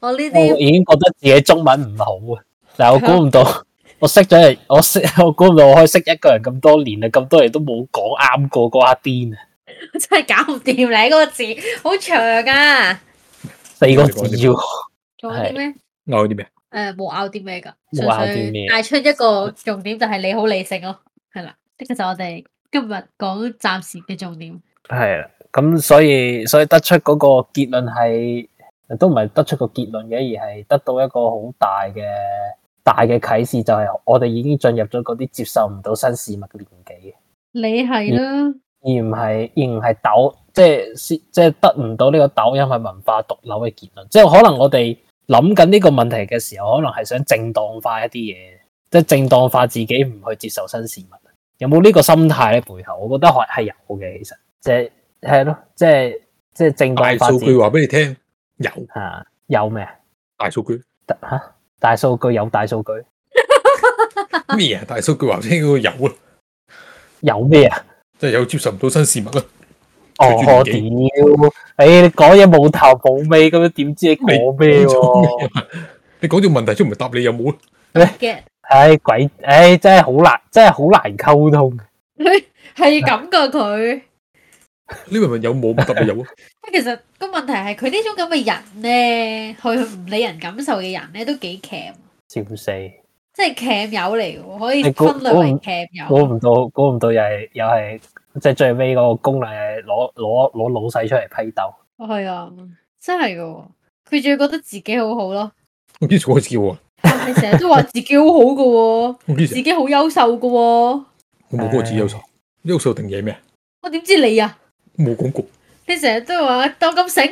Speaker 1: 我呢啲已
Speaker 2: 經覺得自己中文唔好啊，但係我估唔到，我識咗人，我識，我估唔到我可以識一個人咁多年啊，咁多年都冇講啱過，個阿癲啊！
Speaker 1: 真係搞唔掂，你嗰個字好長噶，
Speaker 2: 四個字喎。
Speaker 3: 仲有啲咩？拗啲
Speaker 1: 咩？誒，冇拗啲咩噶，純粹嗌出一個重點就係你好理性咯。係啦，呢個就我哋今日講暫時嘅重點。
Speaker 2: 係啦。咁所以所以得出嗰個結論係都唔係得出個結論嘅，而係得到一個好大嘅大嘅啟示，就係我哋已經進入咗嗰啲接受唔到新事物嘅年紀。
Speaker 1: 你係啦，
Speaker 2: 而唔係而唔係抖，即係即係得唔到呢個抖音係文化獨流嘅結論。即係可能我哋諗緊呢個問題嘅時候，可能係想正當化一啲嘢，即係正當化自己唔去接受新事物。有冇呢個心態咧？背後，我覺得係係有嘅，其實即係。係咯，即係即係正大數據話俾你聽，有啊？有咩啊？大數據吓？大數據有大數據
Speaker 3: 咩啊？大數據話聽個，有啊？有咩啊？即係有，接受唔到新事物啊。哦，錯點。哎，你講嘢冇頭冇尾咁樣，點知你講咩？你講條問題出，唔係答你有冇啊？哎，鬼。哎，真係好難，真係好難溝通。你
Speaker 1: 係咁噶佢。
Speaker 3: 呢個問有冇特別有？
Speaker 1: 啊，其實個問題係佢呢種咁嘅人咧，去唔理人感受嘅人咧，都幾 cam 笑，即係 c a 友嚟嘅，可以分類為 c a 友。估
Speaker 2: 唔到，估唔到又係又係，即係最尾嗰個功能攞攞攞老細出嚟批鬥。
Speaker 1: 係啊，真係嘅、啊，佢仲要覺得自己好好咯。
Speaker 2: 唔知做咩我叫啊？佢
Speaker 1: 成日都話自己好好嘅、哦， *laughs* 自己好優秀嘅、哦。我
Speaker 3: 冇嗰個字優秀，優秀定嘢咩？
Speaker 1: *laughs* 我點知你啊？冇講過，你成日都話當我咁醒，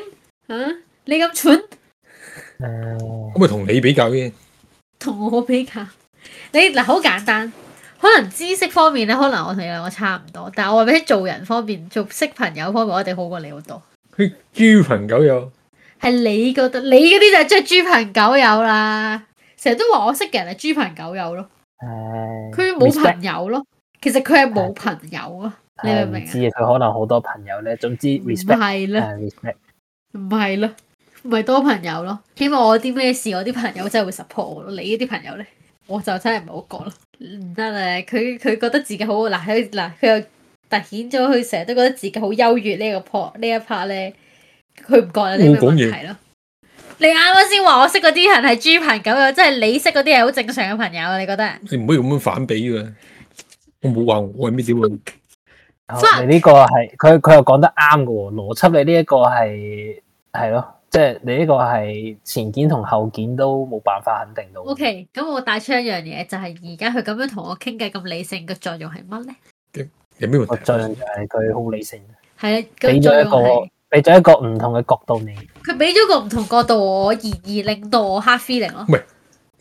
Speaker 1: 吓你咁蠢，
Speaker 3: 咁咪同你比較嘅，
Speaker 1: 同我比較，你嗱好簡單，可能知識方面咧，可能我同你兩個差唔多，但係我話俾你做人方面，做識朋友方面，我一定好過你好多。
Speaker 3: 佢豬朋狗友，
Speaker 1: 係你覺得你嗰啲就係即係豬朋狗友啦，成日都話我識嘅人係豬朋狗友咯，
Speaker 2: 佢冇朋
Speaker 1: 友咯，其實佢係冇朋友啊。你
Speaker 2: 唔知啊？佢可能好多朋友咧，總之 respect，
Speaker 1: 唔係啦，唔係啦，唔、呃、係多朋友咯。希望我啲咩事，我啲朋友真係會 support 我咯。你啲朋友咧，我就真係唔好講啦。唔得啦，佢佢覺得自己好嗱，佢嗱，佢又凸顯咗，佢成日都覺得自己好優越呢個 part 呢一 part 咧，佢唔覺得你咩問題咯。你啱啱先話我識嗰啲人係豬朋狗友，即係你識嗰啲係好正常嘅朋友你覺得？
Speaker 3: 你唔可以咁樣反比嘅。
Speaker 2: 我冇話我係咩啲喎。你呢個係佢佢又講得啱嘅邏輯，你呢一個係係咯，即係你呢個係前件同後件都冇辦法肯定到。O
Speaker 1: K，咁我帶出一樣嘢，就係而家佢咁樣同我傾偈咁理性嘅作用係乜
Speaker 2: 咧？有咩作用？就係佢好理性，
Speaker 1: 係俾咗一個
Speaker 2: 俾咗一個唔同嘅角度你。
Speaker 1: 佢俾咗個唔同角度我，而而令到我 hard feeling 咯。
Speaker 3: 唔係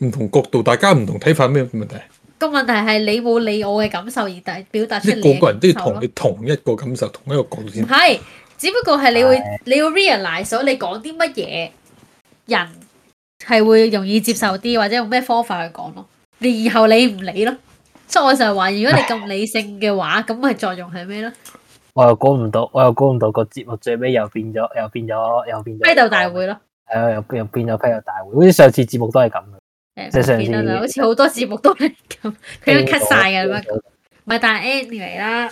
Speaker 3: 唔同角度，大家唔同睇法咩問題？
Speaker 1: 個問題係你冇理我嘅感受而第表達出嚟，即係個個人都要同你
Speaker 3: 同一個感受、同一個角度先。
Speaker 1: 係，只不過係你會你要 realize，所以你講啲乜嘢人係會容易接受啲，或者用咩方法去講咯。你以後理唔理咯。所以我成日話，如果你咁理性嘅話，咁咪作用係咩咯？
Speaker 2: 我又估唔到，我又估唔到個節目最尾又變咗，又變咗，又變咗，批鬥大會咯。係啊，又又變咗批鬥大會，好似上次節目都係咁。
Speaker 1: 誒，唔見得啦，好似好多節目都係咁，佢都 cut 晒噶啦，唔係但係 anyway 啦，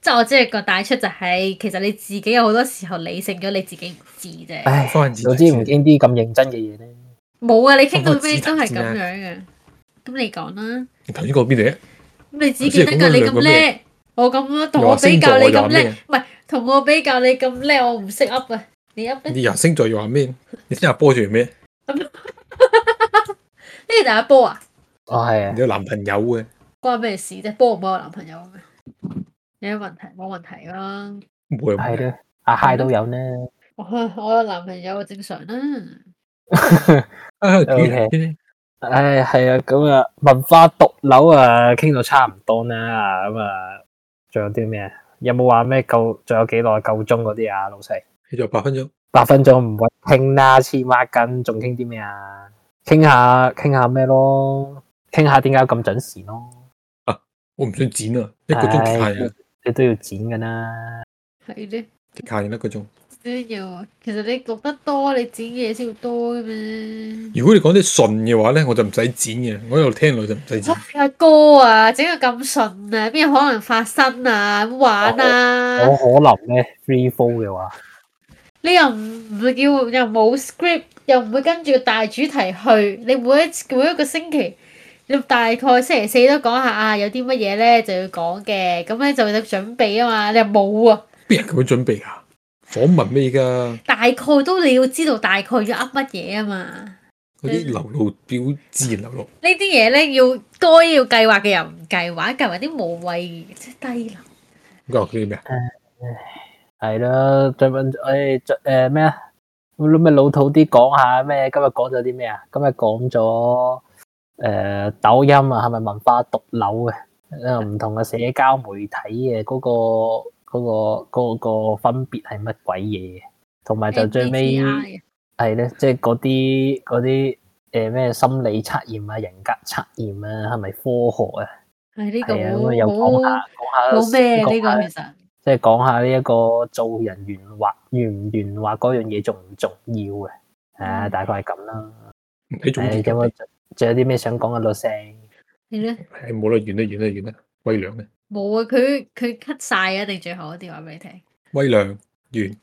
Speaker 1: 即係我知個帶出就係，其實你自己有好多時候理性咗，你自己唔知啫。
Speaker 2: 唉，我知唔傾啲咁認真嘅嘢咧。
Speaker 1: 冇啊，你傾到咩都係咁樣嘅。咁你講啦。
Speaker 2: 你頭先講邊度啫？咁
Speaker 1: 你只記得你咁叻，我咁樣，同我比較你咁叻，唔係同我比較你咁叻，我唔識 up 啊，你 up 咩？你
Speaker 3: 又星座話咩？你今日播住咩？
Speaker 1: 跟住大家波
Speaker 3: 啊！哦係啊，有男朋友嘅，
Speaker 1: 關咩事啫？波唔波有男朋友咩？有咩問題？冇問題啦，
Speaker 2: 冇係咯，阿 Hi 都有呢。
Speaker 1: 我我有男朋友正常啦。
Speaker 2: O K，唉，係啊，咁啊，文化毒樓啊，傾到差唔多啦。咁啊，仲有啲咩？有冇話咩夠？仲有幾耐夠鐘嗰啲啊？老細，仲有八分鐘，八分鐘唔會傾啦，黐孖筋，仲傾啲咩啊？傾下傾下咩咯？傾下點解咁準時咯？啊，我唔想剪啊，哎、一個鐘係你都要剪嘅啦。
Speaker 1: 係咧的，
Speaker 3: 幾快一個鐘。
Speaker 1: 都要啊，其實你錄得多，你剪嘅嘢先會多嘅嘛。
Speaker 3: 如果你講啲順嘅話咧，我就唔使剪嘅，我一路聽落就唔使
Speaker 1: 剪。阿哥啊，整到咁順啊，邊有可能發生啊？玩啊？
Speaker 2: 我可能咧，three four 嘅話。
Speaker 1: 你又唔唔會叫又冇 script，又唔會跟住大主題去。你每一次每一個星期，你大概星期四都講下啊，有啲乜嘢咧就要講嘅，咁咧就準備啊嘛。你又冇啊？
Speaker 3: 邊人咁樣準備啊？訪問咩㗎？
Speaker 1: 大概都你要知道大概要噏乜嘢啊嘛？
Speaker 3: 嗰啲流露表自然流露。
Speaker 1: 呢啲嘢咧要該要計劃嘅又唔計劃，計劃啲無謂即係低能。
Speaker 2: 講啲咩啊？係咯，最問，誒，再誒咩啊？咁咪老土啲講下咩？今日講咗啲咩啊？今日講咗誒抖音啊，係咪文化毒瘤啊？誒，唔同嘅社交媒體嘅嗰個嗰個嗰個分別係乜鬼嘢？同埋就最尾係咧，即係嗰啲嗰啲誒咩心理測驗啊、人格測驗啊，係咪科學啊？
Speaker 1: 係呢個又講下講下呢個其實。
Speaker 2: 即係講下呢一個做人圓滑，圓唔圓滑嗰樣嘢重唔重要嘅，係、啊、大概係咁啦。你、哎、仲、哎、有啲咩想講嘅，老細？
Speaker 1: 係咧？
Speaker 2: 係冇啦，完得完得，完啦。威良呢？
Speaker 1: 冇啊，佢佢 cut 晒啊，定最後打電話俾你聽。威良完。